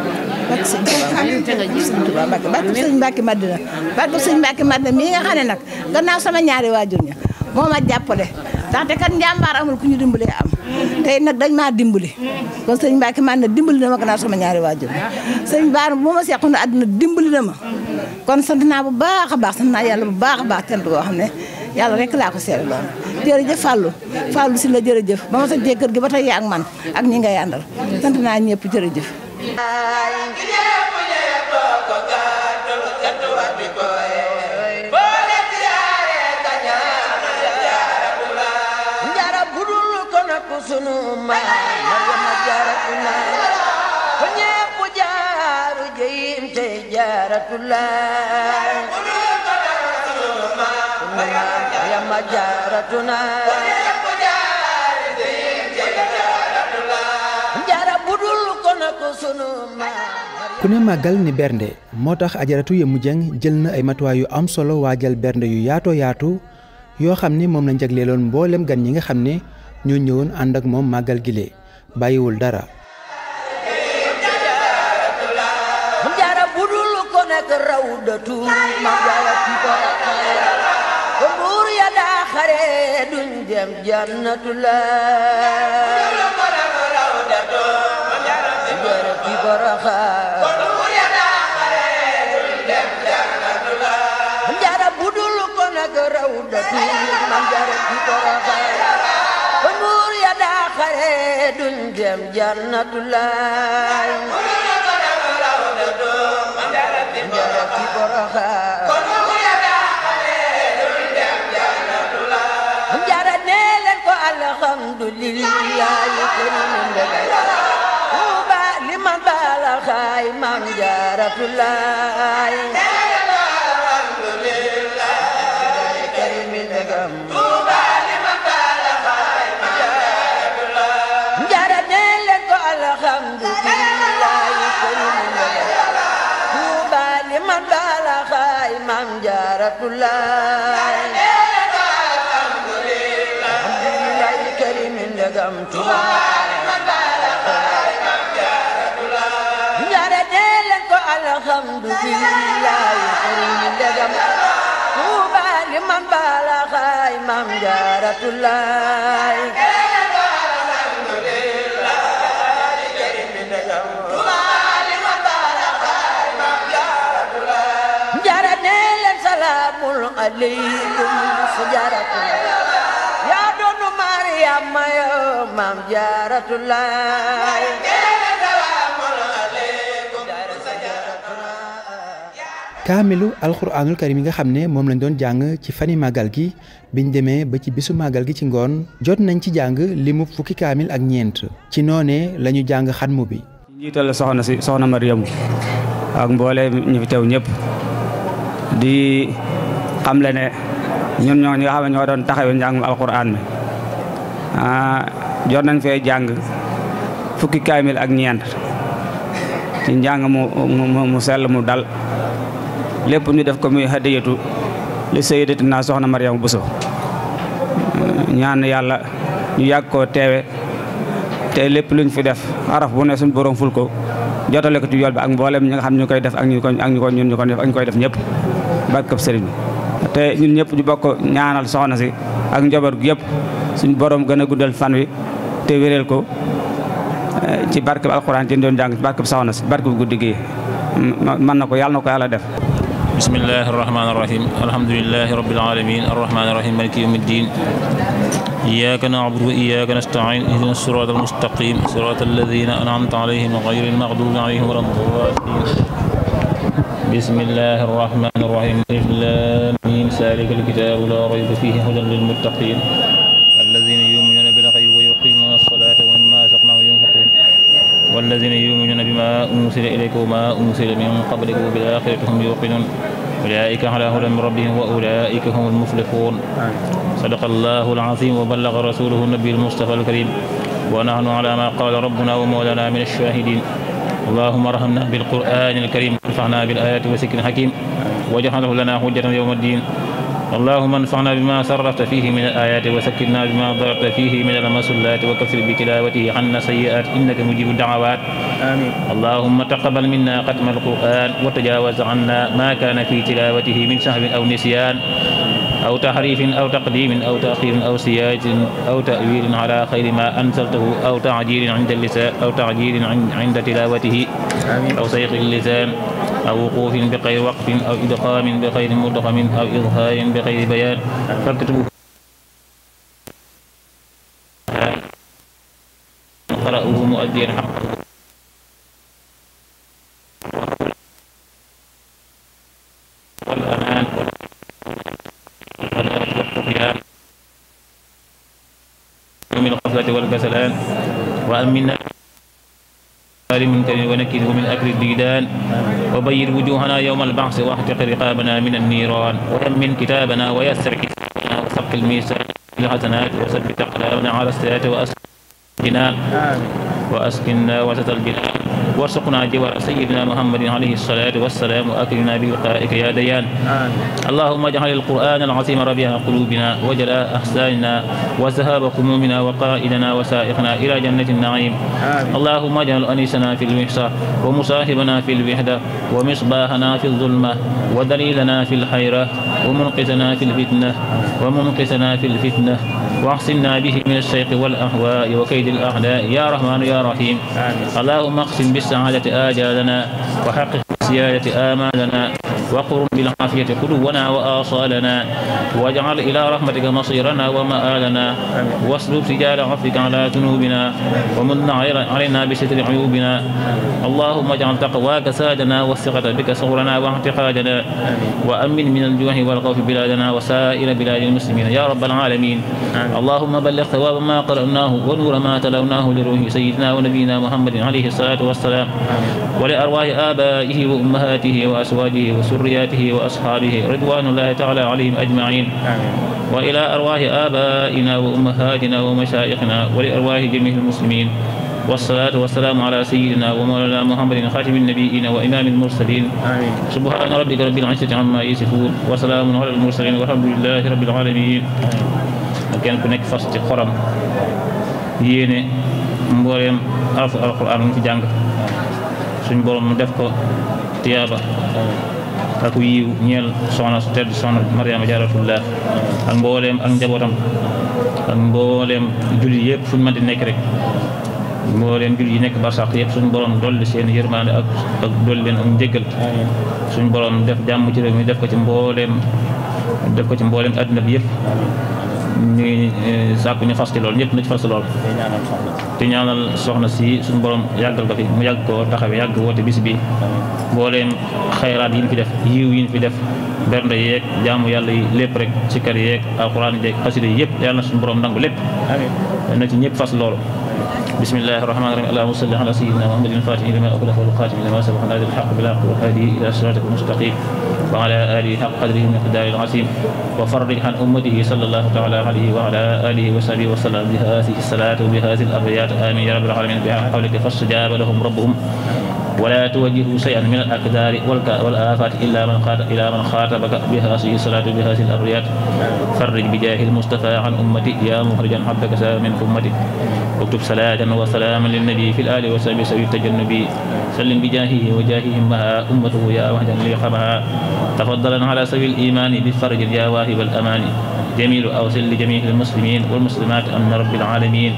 barke sëñ Tuubaa Mbàkke barke sëñ Mbàkke Madina barke sëñ Mbàkke Madina mii nga xam ne nag sama ñaari waajur ña moo ma jàppale ndaxte kat njàmbaar amul ku ñu dimbalee am tey nag dañ maa dimbali kon sëñ Mbacke man na dimbali na ma gannaaw sama ñaari waajur sëñ Baar bu ma seqoon àddina dimbali na ma kon sant naa bu baax a baax sant naa yàlla bu baax a baax tent boo xam ne yàlla rek laa ko seetlu lool jërëjëf Fallou Fallou si la jërëjëf ba ma sañ kër gi ba tey yaa ak man ak ñi ngay àndal sant naa ñëpp sunu maam Maryama jaaratu naa fa ñépp jaaru jeyim te jaaratu laay sunu ku ne màggal ni bernde moo tax ajaratu Yeumou Dieng jël na ay matuwaay yu am solo waa waajal bernde yu yaatoo yaatu yoo xam ne moom la njagleeloon mboolem gan ñi nga xam ne ñoo ñëwoon ànd moom màggal gile bàyyiwul dara mu budul ko nekk rawdatu ma jaara ki duñ dem jannatu laay njarab ci boroxa njarab nee leen ko alhamdulillahi tuuba li man baala xaay maam jaaratu laay am jaaratullaay alhamdulillahi karim ndegam Tuuba ñaare dee leen ko alhamdulillahi karim ndegam Tuuba li man baala xaay maam jaaratullaay aleykum sijaaratullah yaa kaamilu alxuraanul karim yi nga xam ne moom lañ doon jàng ci fani màggal gi biñ demee ba ci bisu màggal gi ci ngoon jot nañ ci jàng limu fukki kaamil ak ñeent ci noonee lañu jàng xatmu bi njiital ak mboole ñu fi teew ñëpp di xam le ne ñun ñoo ñi nga xam ne ñoo doon taxawe njàngum alxuraan mi ah, jot nañ fee jàng fukki kaamil ak ñeent ci njàng mu mu sell mu dal lépp ñu def ko muy hadiyatu li sayyidatina soxna bu so ñaan yàlla ñu yàgg koo teewe te lépp luñ fi def araf bu ne suñ borom ful ko jotale ko ci yool bi ak mboolem ñi xam ñu koy def ak ñu ko ñun ñu ko def ak ñu koy def ñëpp sëriñ te ñun ñëpp ñu bokk ñaanal soxna si ak njaboot gi yëpp suñu borom gën a guddal fan wi te wéréel ko eh, ci barkeb alxuraan ci doon jàng ci barkeb soxna si barkeb guddi gi mën na ko yàlla na ko yàlla def bismillahi arrahmani arrahim alhamdulilahi rabbil alamin arrahmani arrahim maliki yawmi ddin iyyaka na'budu wa iyyaka nasta'in ihdina siraatal mustaqim siraatal ladhina an'amta alayhim ghayril maghdubi بسم الله الرحمن الرحيم ألف لام ميم ذلك الكتاب لا ريب فيه هدى للمتقين الذين يؤمنون بالغيب ويقيمون الصلاة ومما رزقناهم ينفقون والذين يؤمنون بما أنزل إليك وما أنزل من قبلك وبالآخرة هم يوقنون أولئك على هدى من ربهم وأولئك هم المفلحون صدق الله العظيم وبلغ رسوله النبي المصطفى الكريم ونحن على ما قال ربنا ومولانا من الشاهدين allahuma arhamna bilqurani alkarim anfaxna bilayati wa sikrin hakim waj'alhu lana hujjatan yawma ddin allahuma anfaxna bima sarrafta fihi min alayati wa sakkirna bima darata fihi min almasullati wa kaffir bi tilawatihi anna sayyi'at innaka mujibu da'awat amin allahuma taqabbal minna xatma alquran wa tajawaz anna ma kana fi tilawatihi min sahwin aw nisyan aw tahrifin aw taqdimin aw taxirin aw siyaajin aw tawilin ala xayri ma anzaltahu aw tajirin inda lisan aw tajirin inda tilawatihi aw sayqil lisan aw wuqufin bi xayri waqfin aw idxamin bi xayri mudxamin aw idxaamin bi xayri bayan faktubu qara'uhu muaddiyan xaqahu والساكن ومن أكل الديدان وبيض وجوهنا يوم البعث واحتق رقابنا من النيران ويمن كتابنا ويسر كتابنا وسبق الميزان بالحسنات وثبت أقدامنا على الصراط وأسكنا وأسكنا وسط البلاد وارزقنا جوار سيدنا محمد عليه الصلاة والسلام وأكرمنا بلقائك يا ديان اللهم اجعل القرآن العظيم ربيع قلوبنا وجلاء أحساننا وذهاب همومنا وقائدنا وسائقنا إلى جنة النعيم اللهم اجعل أنيسنا في المحصى ومصاحبنا في الوحدة ومصباحنا في الظلمة ودليلنا في الحيرة ومنقذنا في الفتنة ومنقذنا في الفتنة واحصنا به من الشيق والأهواء وكيد الأعداء يا رحمن يا رحيم اللهم اقسم بس السعادة آجالنا وحقق الزيادة آمالنا وقرم بالعافية قلوبنا وآصالنا واجعل إلى رحمتك مصيرنا ومآلنا واسلب سجال عفوك على ذنوبنا ومن علينا بستر عيوبنا اللهم اجعل تقواك سادنا والثقة بك صغرنا واعتقادنا وأمن من الجوع والخوف بلادنا وسائر بلاد المسلمين يا رب العالمين اللهم بلغ ثواب ما قرأناه ونور ما تلوناه لروح سيدنا ونبينا محمد عليه الصلاة والسلام ولأرواح آبائه أمهاته وأزواجه وسرياته وأصحابه رضوان الله تعالى عليهم أجمعين وإلى أرواح آبائنا وأمهاتنا ومشايخنا ولأرواح جميع المسلمين والصلاة والسلام على سيدنا ومولانا محمد خاتم النبيين وإمام المرسلين آمين سبحان ربك رب العزة عما يصفون وسلام على المرسلين والحمد لله رب العالمين kenn ku nekk fas ci xoram yéene mbooleem arafu alquran mu fi jàng suñ borom def ko tiyaaba aku yiw ñeel soxna su tedd soxna Mariama Jaaratullah ak mbooleem ak njabootam ak mbooleem jullit yëpp fu ñu mën di nekk rek mbooleem jullit yi nekk barsàq yëpp suñ borom dolli seen yërmaande ak ak dolli leen ak njëggal suñ borom def jàmm ci rek mi def ko ci mbooleem def ko ci mbooleem adduna bi yëpp ñu ngi eh, sàkku ñu fas ci lool ñëpp na ci fas lool te ñaanal soxna si suñ borom yàggal ko fi mu yàgg koo taxawee yàgg woote bis bi mbooleem xayraat yi ñu fi def yiw yi ñu fi def bernde yeeg jaamu yàlla yi lépp rek sikkar yeeg alxuraan yeeg xasida yi yëpp yàlla na suñu borom nangu lépp na ci ñëpp fas lool بسم الله الرحمن الرحيم اللهم صل على سيدنا محمد الفاتح لما أغلق والخاتم لما سبق وعلى آله حق قدره ومقداره العظيم وفرج عن أمته صلى الله تعالى عليه وعلى آله وصحبه وسلم بهذه الصلاة وبهذه الأبيات آمين يا رب العالمين بحولك فاستجاب لهم ربهم ولا توجهوا شيئا من الأكدار والآفات إلا من إلى من خاطبك بهذه الصلاة بهذه الأبريات فرج بجاه المصطفى عن أمتي يا مخرجا حبك سالم من أمتي اكتب صلاة وسلاما للنبي في الآل وصحبه سبيل التجنبي سلم بجاهه وجاههم مها أمته يا وحدا ليقمها تفضلا على سبيل الإيمان بالفرج يا واهب الأمان جميل أوزل لجميع المسلمين والمسلمات أمن رب العالمين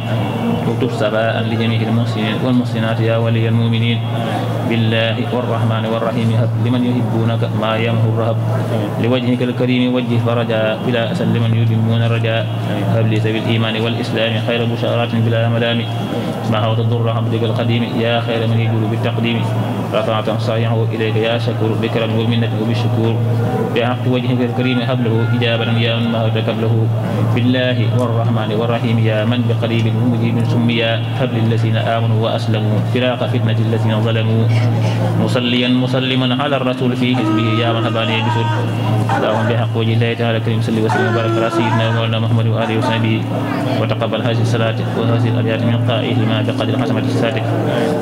وتب سباء لجميع المحسنين والمحسنات يا ولي المؤمنين بالله والرحمن والرحيم هب لمن يحبونك ما يمهر هب لوجهك الكريم وجه فرجا بلا أسل لمن يدمون رجاء هب لي سبيل الإيمان والإسلام خير بشارات بلا ملام ما هو تضر عبدك القديم يا خير من يجول بالتقديم رفعت صايعه إليك يا شكور بكرم ومنة وبالشكور بحق وجهك الكريم هب له إجابة يا من ما له بالله والرحمن والرحيم يا من بقريب مجيب ثم يا هب للذين آمنوا وأسلموا فراق فتنة الذين ظلموا مصليا مسلما على الرسول في حزبه يا من هباني بسر اللهم بحق وجه الله تعالى الكريم صلى وسلم وبارك على سيدنا ومولانا محمد وآله وصحبه وتقبل هذه الصلاة وهذه الأبيات من قائلهما بقدر حسنة الساتك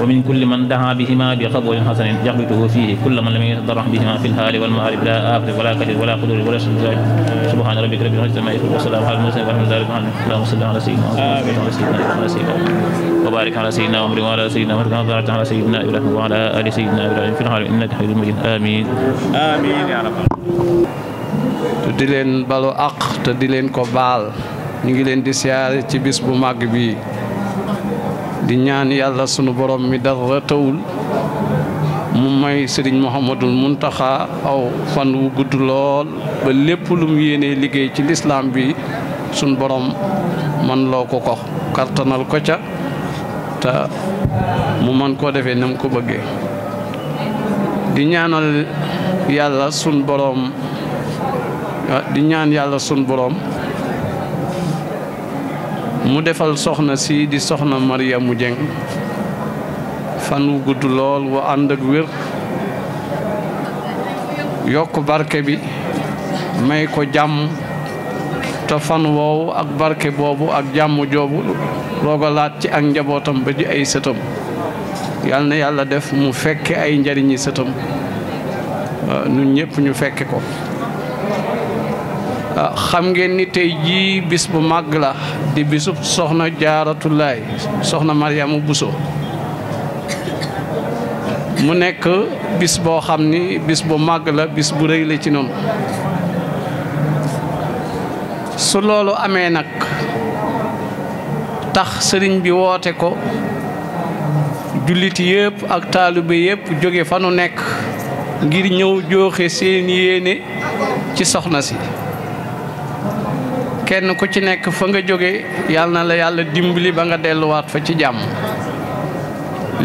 ومن كل من دعا بهما بقبول حسن يقبته فيه كل من لم يتضرع بهما في الهال والمعارف لا آفر ولا كثير ولا قدر ولا سبحان ربك رب العزة اجمعين والسلام على المرسلين والحمد لله رب العالمين اللهم صل على سيدنا محمد وعلى سيدنا وعلى سيدنا وبارك على سيدنا محمد وعلى سيدنا محمد كما باركت على سيدنا ابراهيم وعلى ال سيدنا ابراهيم في العالمين انك حميد مجيد امين امين يا رب di leen balu àq te di leen ko baal ñu ngi leen di siyaare ci bis bu màgg bi di ñaan yàlla sunu borom mi dara tawul mu may sëriñ Mouhamadul Muntaxa aw fan wu gudd lool ba lépp lu mu yéenee liggéey ci lislaam bi suñ boroom man loo ko ko kartanal ko ca te mu man koo defee na ko bëggee di ñaanal yàlla sun boroom ah, di ñaan yàlla sun boroom mu defal soxna sii di soxna Mariyamu Jeng fan wu gudd lool wu ànd ak wér yokk barke bi may ko jàmm te fan woowu ak barke boobu ak jàmm joobu roogalaat ci ak njabootam ba ji ay sëtam yal na yàlla def mu fekke ay njariñi sëtam ah, ñun ñépp ñu fekke ko ah, xam ngeen ni tey jii bis bu màgg la di bisub soxna jaaratullaay soxna Maryaama Buso mu nekk bis boo xam ni bis bu màgg la bis bu rëy la ci noonu su loolu amee nag tax sëriñ bi woote ko jullit yépp ak taalibe yépp jóge fa nu nekk ngir ñëw jooxe seen yéene ci soxna si kenn ku ci nekk fa nga jóge yàlla na la yàlla dimbali ba nga delluwaat fa ci jàmm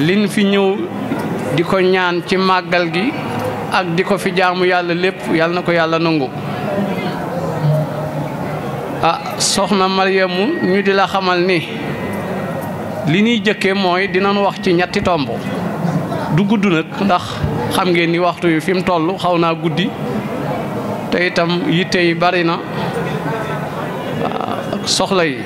liñ fi ñëw di ko ñaan ci màggal gi ak di ko fi jaamu yàlla lépp yàlla na ko yàlla nangu a ah, soxna Maryamu ñu di la xamal ni li ñuy jëkke mooy dinañ wax ci ñetti tomb du gudd nag ndax xam ngeen ni waxtu wi fi mu toll xaw naa guddi te itam yitte yi bari na ah, soxla yi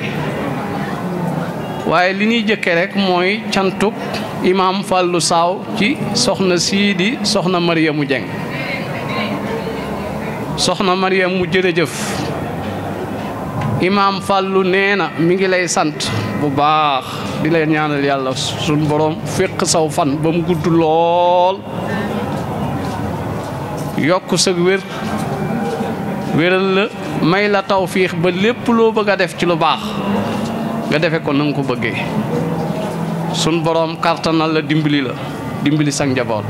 waaye li ñuy jëkke rek mooy cantuk imaam fàllu Saaw ci soxna sii di soxna Mariamu Jeng soxna Mariamu jërëjëf imaam fàllu nee na mi ngi lay sant bu baax di lay ñaanal yàlla suñ borom féq saw fan ba mu gudd lool yokk sag wér wéral la may la tawfiix ba lépp loo bëgg a def ci lu baax nga defe ko na ko bëggee sun boroom kartanal la dimbali la dimbali sa njaboot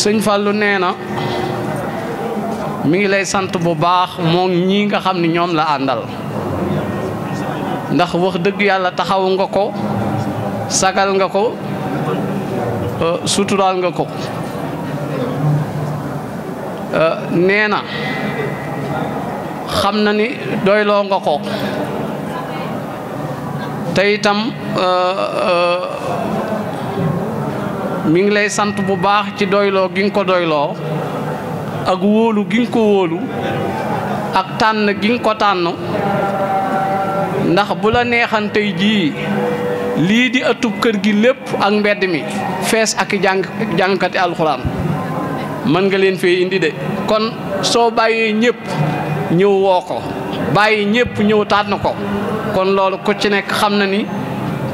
sëñ Fallou nee na mu ngi lay sant bu baax moom ñii nga xam ne ñoom la àndal ndax wax dëgg yàlla taxaw nga ko sagal nga ko euh, suturaal nga ko euh, nee na xam na ni doyloo nga ko te itam euh, euh, mi ngi lay sant bu baax ci doyloo gi nga ko doyloo ak wóolu gi nga ko wóolu ak tànn gi nga ko tànn ndax bu la neexantey jii lii di ëttub kër gi lépp ak mbedd mi fees ak jàng jàngkati alxuraan mën nga leen fee indi de kon soo bàyyee ñëpp ñëw woo ko bàyyi ñëpp ñëw na ko kon loolu ku ci nekk xam na ni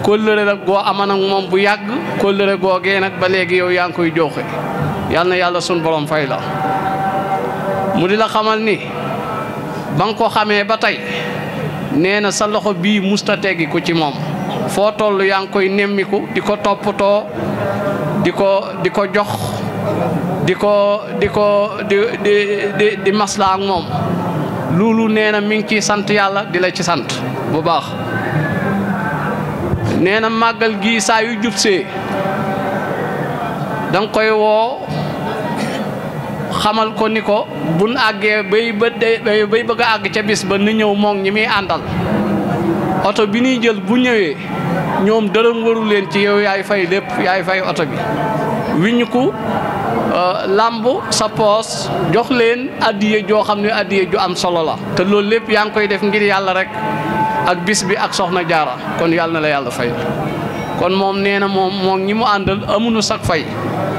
kóllëre la goo aman ak moom bu yàgg kóllëre googee nag ba léegi yow yaa ngi koy jooxe yal na yàlla sun borom fay la mu di la xamal ni ba nga ko xamee ba tey nee na sa loxo bii musta teggi ko ci moom foo toll yaa ngi koy nemmiku di ko toppatoo di ko di ko jox di ko di ko di di di maslaa ak moom loolu nee na mi ngi ciy sant yàlla di la ci sant bu baax nee na màggal gi saa yu jubsee danga koy woo xamal ko ni ko bu àggee bay ba bëgg àgg ca bis ba ni ñëw moom ñi muy àndal oto bi ñuy jël bu ñëwee ñoom dërëm waru leen ci yow yaay fay lépp yaay fay oto bi wiññiku euh, làmb sa poos jox leen addiye joo xam ne addiye ju am solo la te loolu lépp yaa ngi koy def ngir yàlla rek ak bis bi ak soxna jaara kon yàlla na la yàlla fay kon moom nee na moom moom ñi mu àndal amuñu sag fay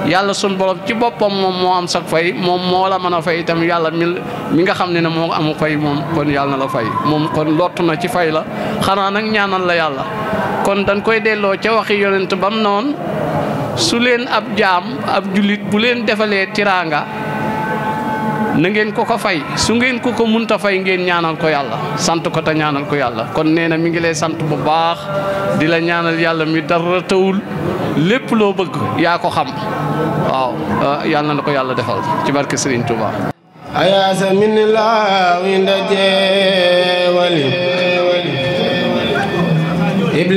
yàlla sun borom ci boppam moom moo am sag fay moom moo la mën a fay tamit yàlla mi nga xam ne ne moo amu fay moom kon yàlla na la fay moom kon lott na ci fay la xanaa nag ñaana la yàlla kon dañ koy delloo ca waxi yonent bam noonu su leen ab jaam ab jullit bu leen defalee tiraanga na ngeen ko ko fay su ngeen ko ko munta fay ngeen ñaanal ko yàlla sant ko te ñaanal ko yàlla kon nee na mi ngi lay sant bu baax di la ñaanal yàlla mi dara tawul lépp loo bëgg yaa ko xam waaw ah, yàlla na ko yàlla defal ci barke Serigne Touba. ayaasa min laa wi ndaje wali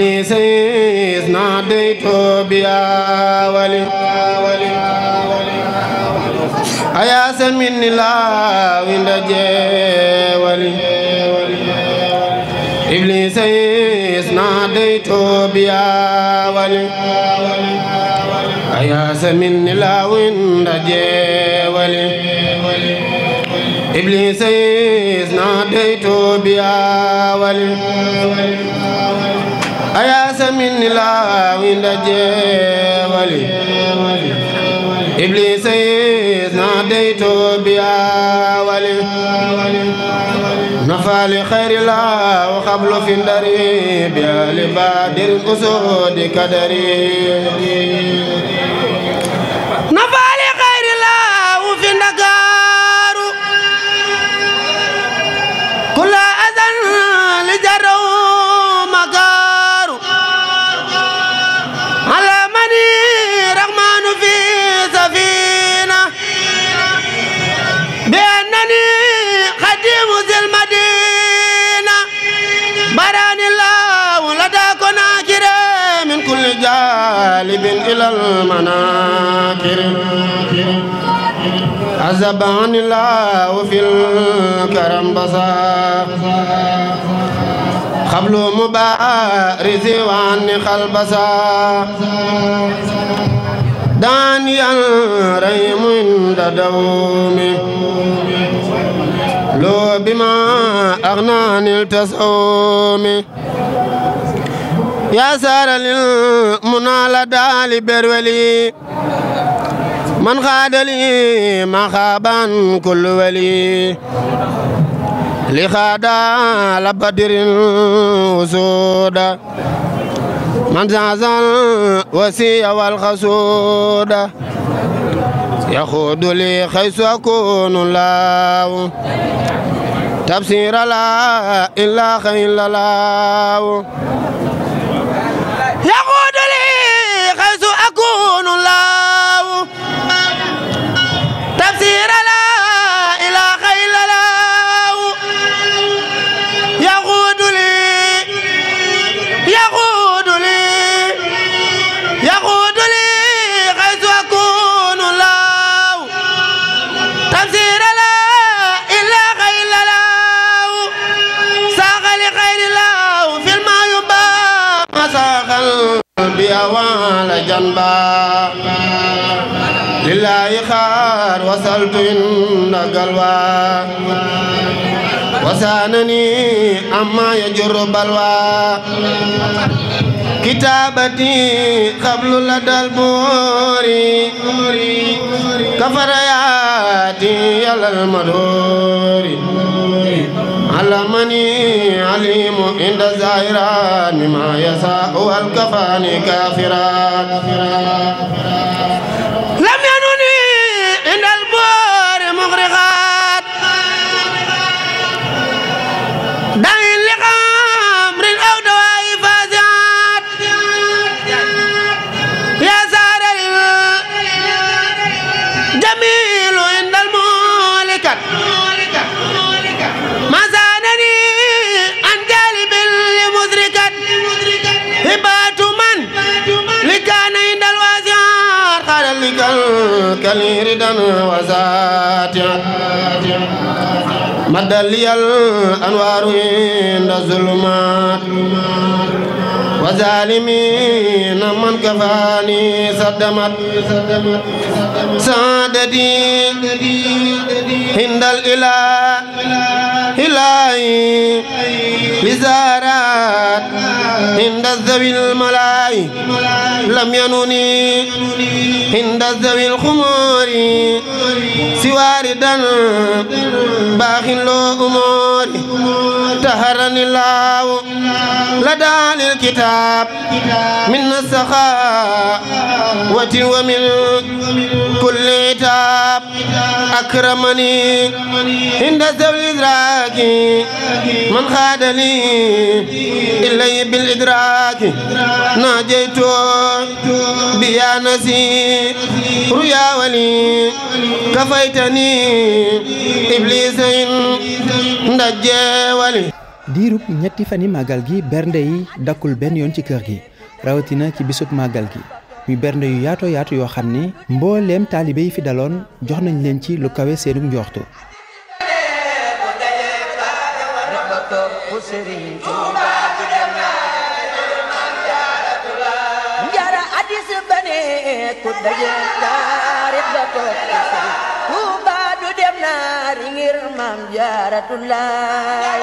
إبليس ناديت بيا ولي أيا سمين الله وندجي ولي إبليس ناديت بيا ولي أيا سمين الله وندجي ولي إبليس ناديت بيا ولي ayaasa min nilaaw inda jeewali ibliis yiis na deytoo biyaawali nafaali xayri laaw xablu fi ndari biyaali baadir kadari غالب إلى المناكر عزب عن الله في الكرم بصار قبل مبارز وعن خلبصار داني الريم عند دومي لو بما أغناني التصومي yaa saara lil munaa la daali berweli man xaadali ma xaaban kullu weli li xaada la badirin usuuda man zaazal wasiya wal xasuuda yaxuudu li xaysu akunu laaw tabsiira laa illaa xayla laaw يقود لي حيث أكون الله تفسير الله وعلى جنبا لله خار وصلت عند قلبا وسانني أما يجر بلوى كتابتي قبل لدى البور كفرياتي يلا المدور علمني عليم عند زائران مما يساء والكفان كافرا لي ردا وزاتعا مد لي الأنوار عند الظلمات وظالمين من كفاني صدمت سعادتي عند الإله إلهي بزارات عند ذوي الملاي لم ينوني عند ذوي الخمور سواردا باخ لو أموري طهرني الله لدى الكتاب من السخاء ومن كل عتاب أكرمني عند ذوي الإدراك من خادني إلي بالإدراك ناجيت بيا نسي ريا ولي كفيتني إبليس عند الجوالي diirub ñetti fan fani màggal gi bernde yi dakkul benn yoon ci kër gi rawatina ci bisub màggal gi muy bernde yu yaato yaatu yoo xam ni mbooleem taalibe yi fi daloon jox nañ leen ci lu kawe seenum njoxtu ngir maam jaaratullaay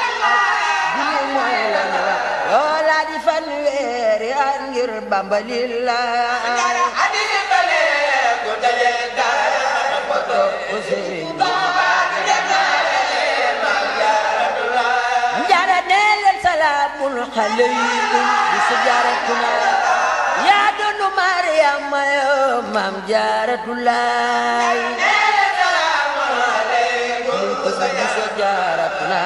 bamba lillah عليكم بسجارتنا يا دون مريم يا مام جارة الله السلام عليكم بسجارتنا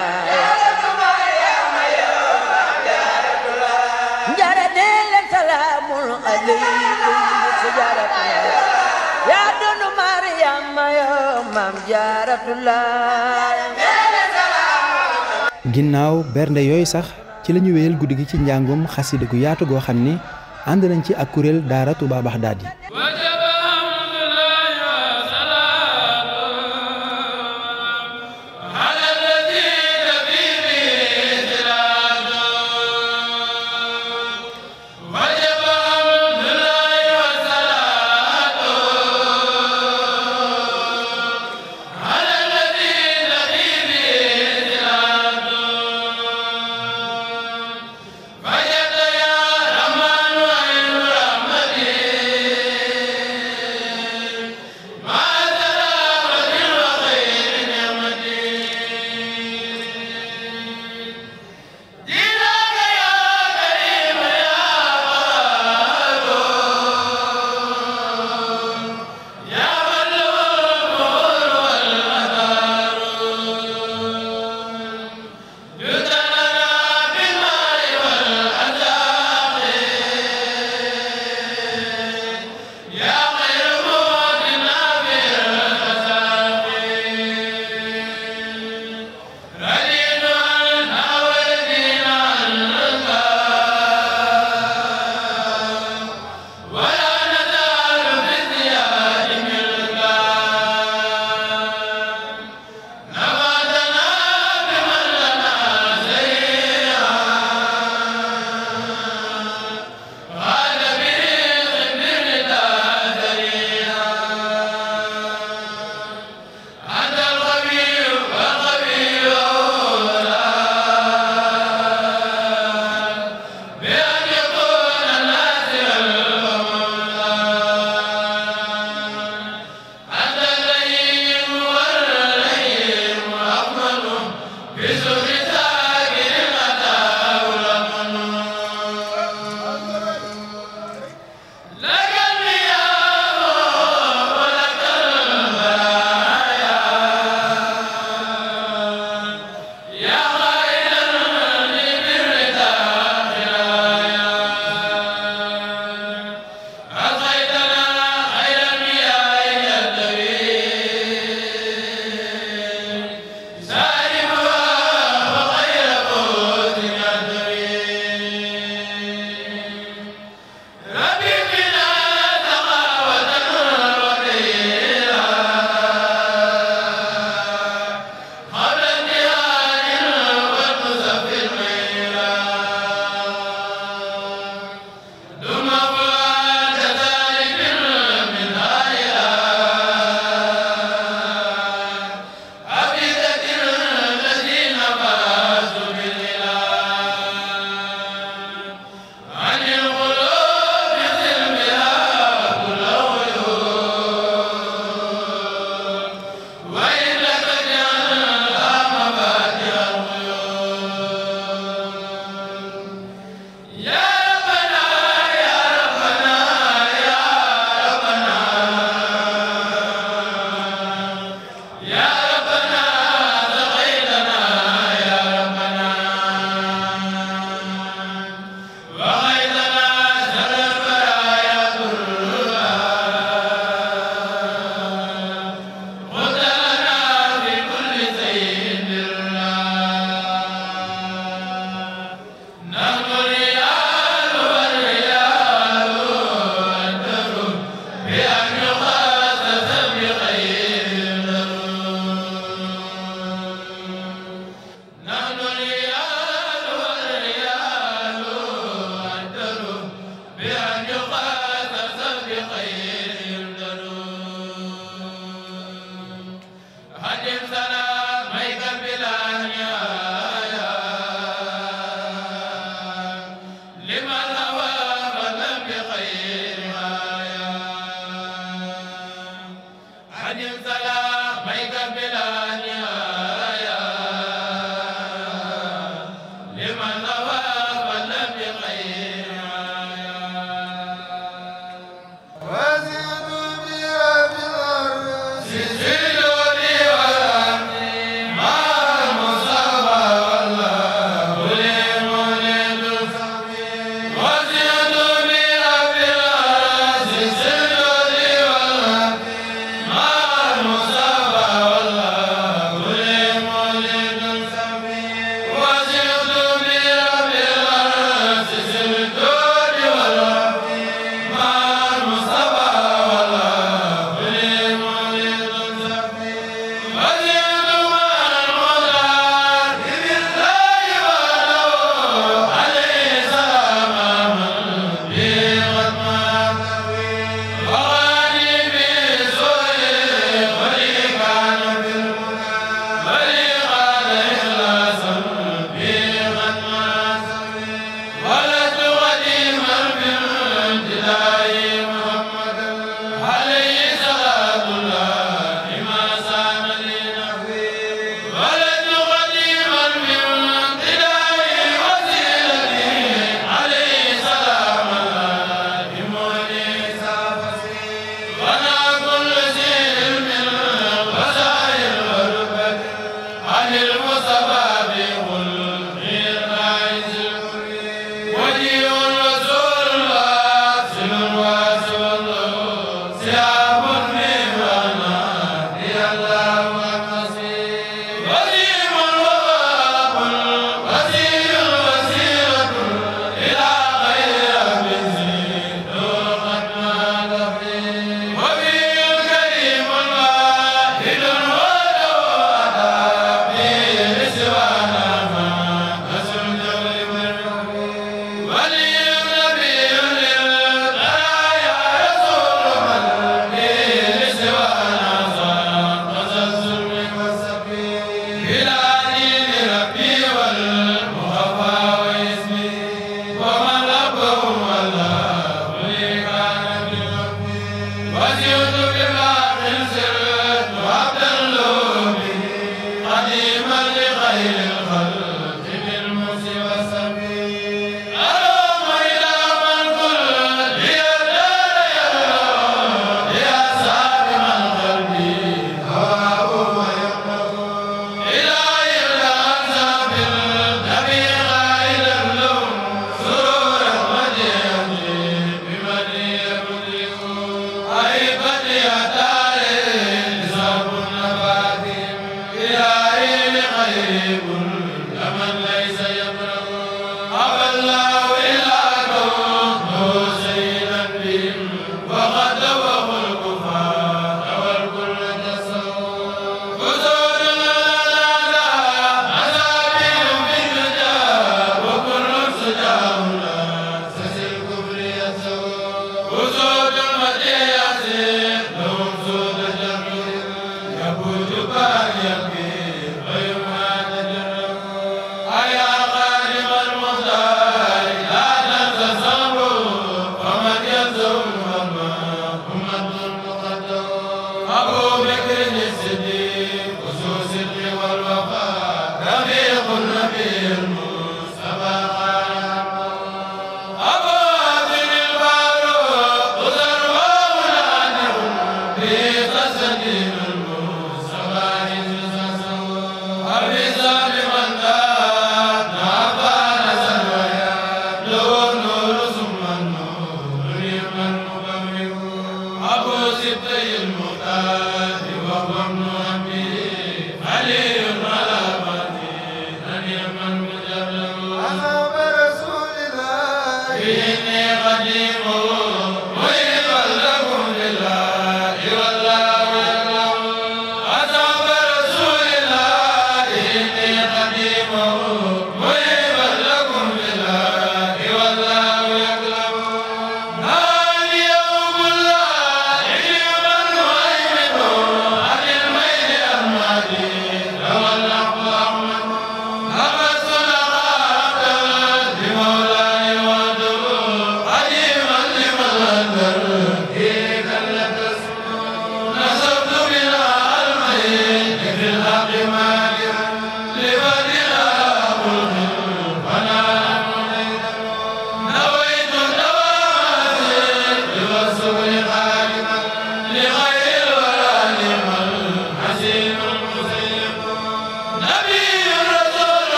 ginnaaw bernde yooyu sax ci la ñu guddi gi ci njàngum xasida gu yaatu goo xam ni ànd nañ ci ak kuréel daara Touba Bagdadi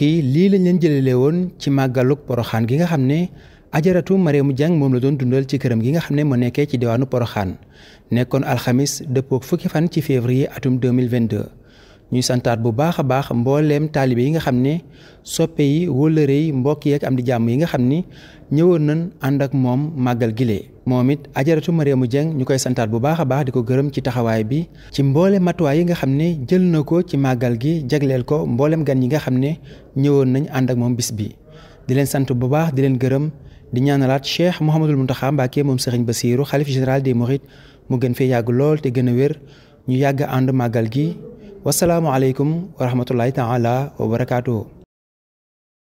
mbokk lii lañ leen jëlalee woon ci màggaluk poroxaan gi nga xam ne ajaratu Maremu Jàng moom la doon dundal ci këram gi nga xam ne moo nekkee ci diwaanu poroxaan nekkoon alxamis dëppook fukki fan ci février atum 2022 ñuy santaat bu baax a baax mbooleem taalibe yi nga xam ne soppe yi wóllëre yi mbokk yeeg am di jàmm yi nga xam ni ñëwoon nañ ànd ak moom màggal gile. moom it ajaratu Mariamu Dieng ñu koy santaat bu baax a baax di ko gërëm ci taxawaay bi ci mboole matuwaay yi nga xam ne jël na ko ci màggal gi jagleel ko mboolem gan yi nga xam ne ñëwoon nañ ànd ak moom bis bi di leen sant bu baax di leen gërëm di ñaanalaat Cheikh Mouhamadul Mountakha Mbacké moom Serigne Bassirou xalif général des Mourides mu gën fee yàgg lool te gën a wér ñu yàgg ànd màggal gi wasalaamualeykum wa rahmatullahi taala wa barakaatuhu